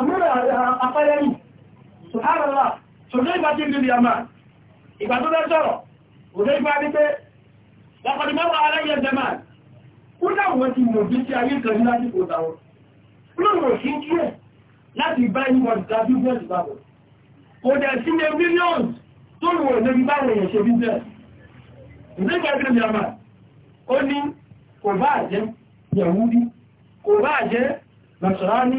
àpẹẹrẹ yìí ṣùhárànlá ṣùgbọ́n ìgbà tí ìdílé àmà ìgbà tó bẹ́ sọ̀rọ̀ òdó ìgbà ní pé lọ́kọ̀dì mọ́wà aláyẹ jẹmà kúrò àwọn ti mọ̀ bí sí ayé kan ní láti kò dáwọn lóòrò sí kí ẹ̀ láti bá ìwọ̀n ìta bíbẹ̀ẹ̀sì bàbọ̀ kò dẹ̀ sí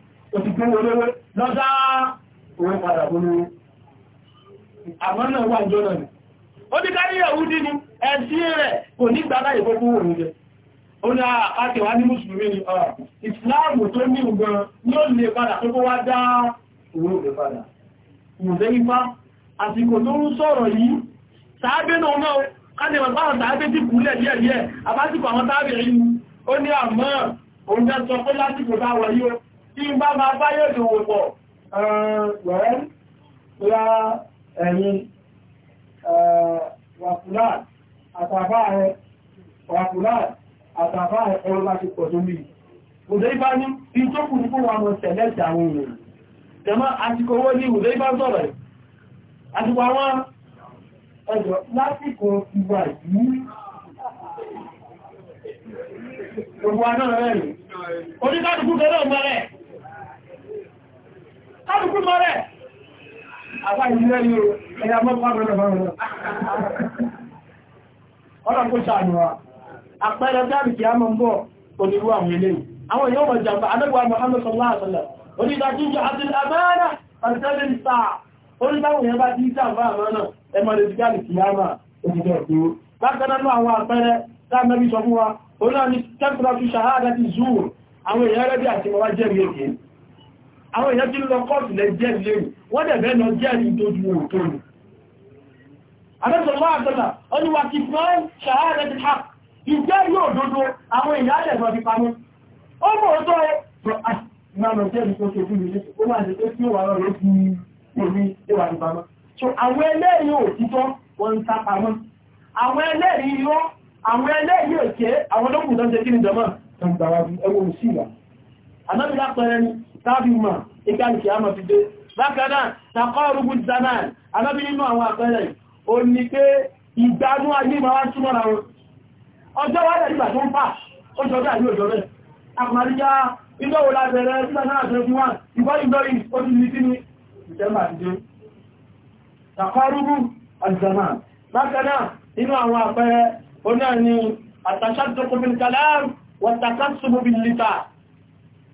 òtù tó olówó lọ́dá owó padà olówó àwọn náà wà jọ náà ó ní ni ẹ̀sí rẹ̀ kò ní gbàgbà ìfọ́kú òun jẹ ó ní àkẹwà ní mùsùlùmí ni ah, ìsìláàmù tó ní ìgbọ̀n ní ó lè padà tó kó wá dá owó rẹ̀ padà ìwòsẹ́ ipá àsìkò tó ń sọ̀rọ̀ yìí sàábé náà náà kádẹ̀wà báwọn sàábé ti kúlẹ̀ díẹ̀díẹ̀ àbásìkò àwọn àmọ́ òun jẹ́ sọ pé lásìkò táwọn yìí tí bá máa bá yóò dùn wòpọ̀ wẹ̀rẹ́ ya ẹ̀yìn wàkùláà àtàfà rẹ̀ wàkùláà àtàfà rẹ̀ ẹ̀rọ láti pọ̀ tó mìí Òdèébá ní bí tó kù ní kó wà mọ̀ tẹ̀lẹ́tì àwọn èèyàn. Tẹ̀mọ́ àtìkò owó ní Òdèébá sọ̀rọ̀ ẹ̀. Àtìkò àwọn ẹjọ́ lásìkò ìwà yìí. Gbogbo anáà rẹ̀ rí. Oníkàtùkù tẹ́lẹ̀ ọmọ rẹ̀ kálùkú mọ́ rẹ̀ àwọn ìlẹ́ yóò ẹ̀yà mọ́pàá rẹ̀ lọ́wọ́ ọlọ́pọ̀ sàánù wa àpẹẹrẹ dáàbì kí a mọ́ ń bọ̀ onírú àwọn ilé àwọn èèyàn mọ̀ jàmbá adẹ́gbà Muhammad sallallahu alaihi wasallam onídájú jẹ́ àdìl àmàrà àtẹ́lẹ̀ ìta onídáwọn èèyàn bá ti ìta àmàrà ẹmọ̀ lè dìgbà nìkì yáma òjìdẹ̀ òkúrú lákanánú àwọn àpẹẹrẹ dáàmẹ́bí àti mọ́wá àwọn èèyàn tí lọ kọ́ọ̀tù lẹ jẹ́ léwu wọ́n dẹ̀ bẹ́ẹ̀ lọ jẹ́ ní tójú wọn tó ní àbẹ́sọ̀lọ́ àgbẹ̀lá ọdúnwà ti fún ṣàárẹ̀ ti ha ìjẹ́ yóò dúdú àwọn èèyàn àjẹ̀sọ̀ ti pamọ́ ó mọ̀ tó ẹ mọ̀ jẹ́ ní tó ṣe fún mi ó máa ṣe pé tí ó wà lọ́rọ̀ ó fi èmi ìwà ti pamọ́ so àwọn ẹlẹ́rìí òtítọ́ wọ́n ń sá pamọ́ àwọn ẹlẹ́rìí irọ́ àwọn ẹlẹ́rìí òkè àwọn olókùn tó ń ṣe kí ni jọmọ́ anábi lápẹẹrẹ ni tábí ma ìgbà ìkì àmà fi dé bákaná takọ́rùgbù zaman anábi nínú àwọn àpẹẹrẹ o ní pé ìgbánú ayé ma wá túnmọ́ ra wọn ọjọ́ wáyé ìgbà tó ń pà ó jọ bẹ́ẹ̀ ní òjò rẹ̀ àkùnmáríyá ilé wo la bẹ̀rẹ̀ nígbà náà tó fún wa ìgbọ́ ìgbọ́rin ó ti ní kíni ìtẹ́mbà ti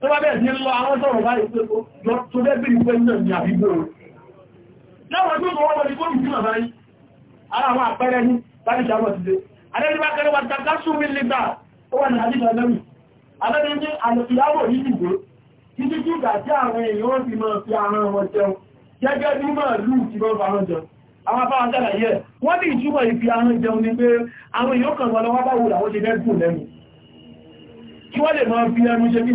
tó bá bẹ̀ẹ̀ sí lọ àwọn sọ̀rọ̀ báyìí pé tó bẹ́bìrì pé náà ni àbígbò láwọn tó wọ́n wọ́n ni kó nìtí màbá yìí ara àwọn àpẹẹrẹ ní báyìí sàmọ̀ ti dé adẹ́gbẹ́ kẹrẹ wà tàbí súnmí lẹ́gbà ó wà ní àdíjà lẹ́rù adẹ́gbẹ́ ní àlọ́fìyàwó yìí dìbò títí tí ìgbà tí àwọn èèyàn fi mọ̀ fi àwọn wọn jẹun gẹ́gẹ́ bí mọ̀ lù ti mọ̀ fa wọn jẹun àwọn afáwọn sára yẹ wọ́n ní ìtumọ̀ ìfi àwọn jẹun ni pé àwọn èèyàn kan wọn lọ wá báwo làwọn ṣe fẹ́ gùn lẹ́nu kí wọ́n lè mọ̀ fi ẹnu ṣe bí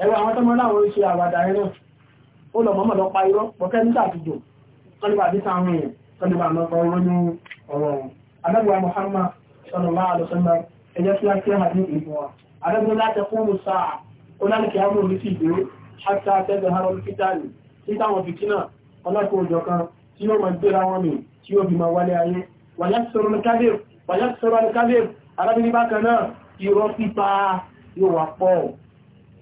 ẹ̀rọ àwọn tọ́mọ láwọn ṣe àwàdà ẹ̀rọ ó lọ mọ́mọ̀ lọ pa irọ́ pọ̀kẹ́ nígbà àtijọ́ tọ́lúbà bí sáwọn èèyàn tọ́lúbà lọ́pọ̀ ọ̀rọ̀ ní ọ̀rọ̀ ọ̀hún adágbà Muhammad sallallahu alaihi wasallam ẹjẹ́ tí a kí hàdí ìfún wa adágbà láti kún mu sáà ó lálùkì àmú orí gbéra wọn mi tí ó fi máa wálé ayé wàyá sọ̀rọ̀ kábíyèf wàyá pípa yóò wà pọ̀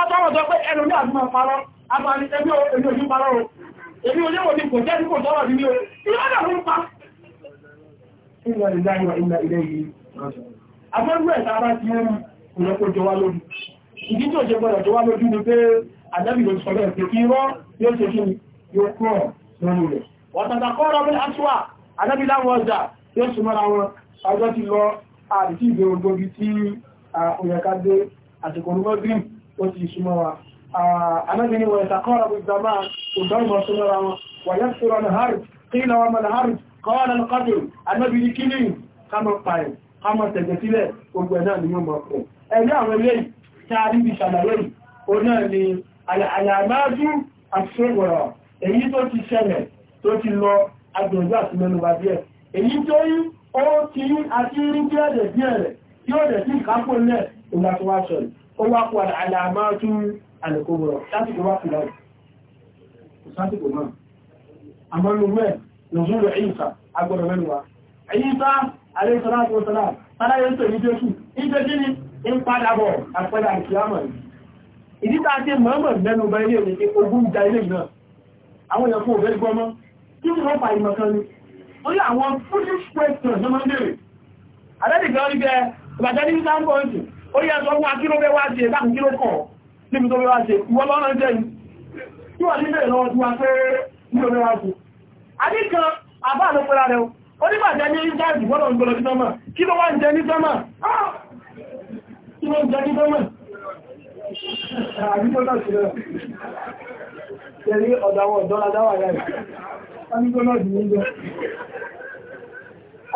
Àtọ́wọ̀dọ́ pé ẹnu ní àdúmọ̀ parọ́, a máa ní ẹbí ojú ojú parọ́ o. Èmi oléwò ni kò jẹ́ ní kò tọ́wọ̀ nínú o. Ìrọ́dà ló ń pa. Ìlọ ìlà ìwà ìlà ilé yìí. Abẹ́rú ẹ̀ tàbá ti ń kò yẹ kó jọ wá lójú. Ìdí tí ó jẹ gbọ́dọ̀ jọ wá lójú ni pé àdábì ló sọ bẹ́ẹ̀ pé kí irọ́ yóò ṣe kí yóò kúrò lórí rẹ̀. Ọ̀tàtà kọ́ ọ̀rọ̀ bẹ́ẹ̀ aṣọ́à, àdábì láwọn ọjà yóò súnmọ́ra wọn, ọjọ́ ti lọ àdìsí ìgbé ogbógi tí òyẹ̀ká dé àsìkò orúgbọ́ green ó ti súnmọ́ wa anábi ni wọ́n ìtàkọ́rọ̀ bí zama ìdánmọ̀ súnmọ́ra wọn wọ́n yẹ́ sọ́rọ̀ ní harif kí na wọ́n mọ̀lá harif kọ́wọ́n lọ kọ́dùn anábi ni kíní kama pàì kama tẹ̀jẹ̀ sílẹ̀ ni yóò mọ̀ kù ẹ̀rí àwọn ilé tààrí ni àyàmájú àṣẹ́wọ̀rọ̀ èyí tó ti ṣẹlẹ̀ tó ti lọ agbègbè àti mẹ́nubà díẹ̀ èyí tó yí ó ti àti rí díẹ̀ díẹ̀ rẹ̀ yóò dẹ̀ sí ìkápò lẹ̀ ìgbà tó ó wá pọ̀ àlàmá tún alìkòbọ̀rọ̀ lásìkò wá fi láì sásìkò náà ìdí tá a ti mọ̀ọ́mọ̀ mẹ́nu bá ilé ìrìn pé ogún ìjà ilé náà àwọn èèyàn fún òfẹ́ gbọ́mọ́ tí wọ́n pa ìmọ̀ kan ni ó yẹ àwọn foolish questions ló máa ń bèèrè àdẹ́dìgbẹ́ orí bẹ́ẹ̀ ìbàjẹ́ ní sáńpọ̀ ó yẹ sọ wá kí ló fẹ́ wá ṣe láàrín kí ló kọ̀ níbi tó fẹ́ wá ṣe ìwọ lọ́nà jẹ́ yìí tí wà nílẹ̀ lọ́wọ́ tí wá pé ní ló fẹ́ wá ṣe àdíkan àbá ló pẹ́ra rẹ̀ ó nígbà jẹ́ ní ìjáàjì gbọ́dọ̀ ń gbọ́dọ̀ sí sọ́mà kí ló wá ń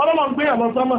ọlọ́mọ̀ ah! ń gbé ẹ̀lọ sọ́mà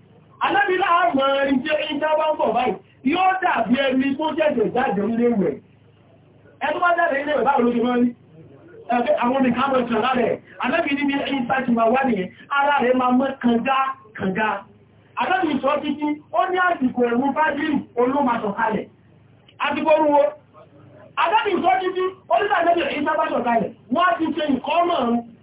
alábílá àmọ́ ìjẹ́ ìjábá ń bọ̀ báyìí yóò dàbí ẹni tó jẹ́jẹ̀ jáde léwẹ̀ ẹni wá jáde léwẹ̀ báwọn olóṣèlú rí ẹgbẹ́ àwọn nìkan mọ̀ ìtàn lálẹ̀ alábí níbi ìsájú ma wá nìyẹn ara rẹ̀ máa mọ́ kànga kànga alábí sọ títí ó ní àsìkò ẹ̀rù fájírì olómatọ̀ kalẹ̀ àdìgbò ruwo alábí sọ títí ó ní àsìkò ẹ̀rù fájírì olómatọ̀ kalẹ̀ wọ́n ti ṣe ìkọ́mọ̀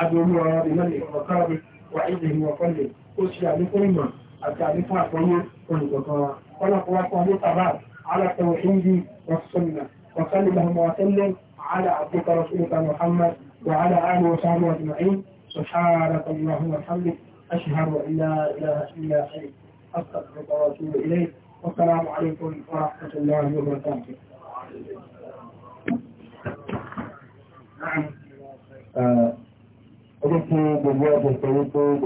adúlúwa ìmọ̀lẹ̀ ọ̀káàbí wà ìdìhìn ọ̀kọ́lẹ̀ ó ṣe àlékún ìmọ̀ àti àlékún àpọ́yé olùkọ̀kan wa ọlọ́pọ̀ wa kan ní tàbá alátọ̀ على عبدك رسولك محمد وعلى آله وصحبه أجمعين سبحانك اللهم وبحمدك أشهد أن لا إله إلا أنت أستغفرك وأتوب إليك والسلام عليكم ورحمة الله وبركاته. نعم. ọjọ́ tí gbogbo ọjọ́ ìfẹ́ wípé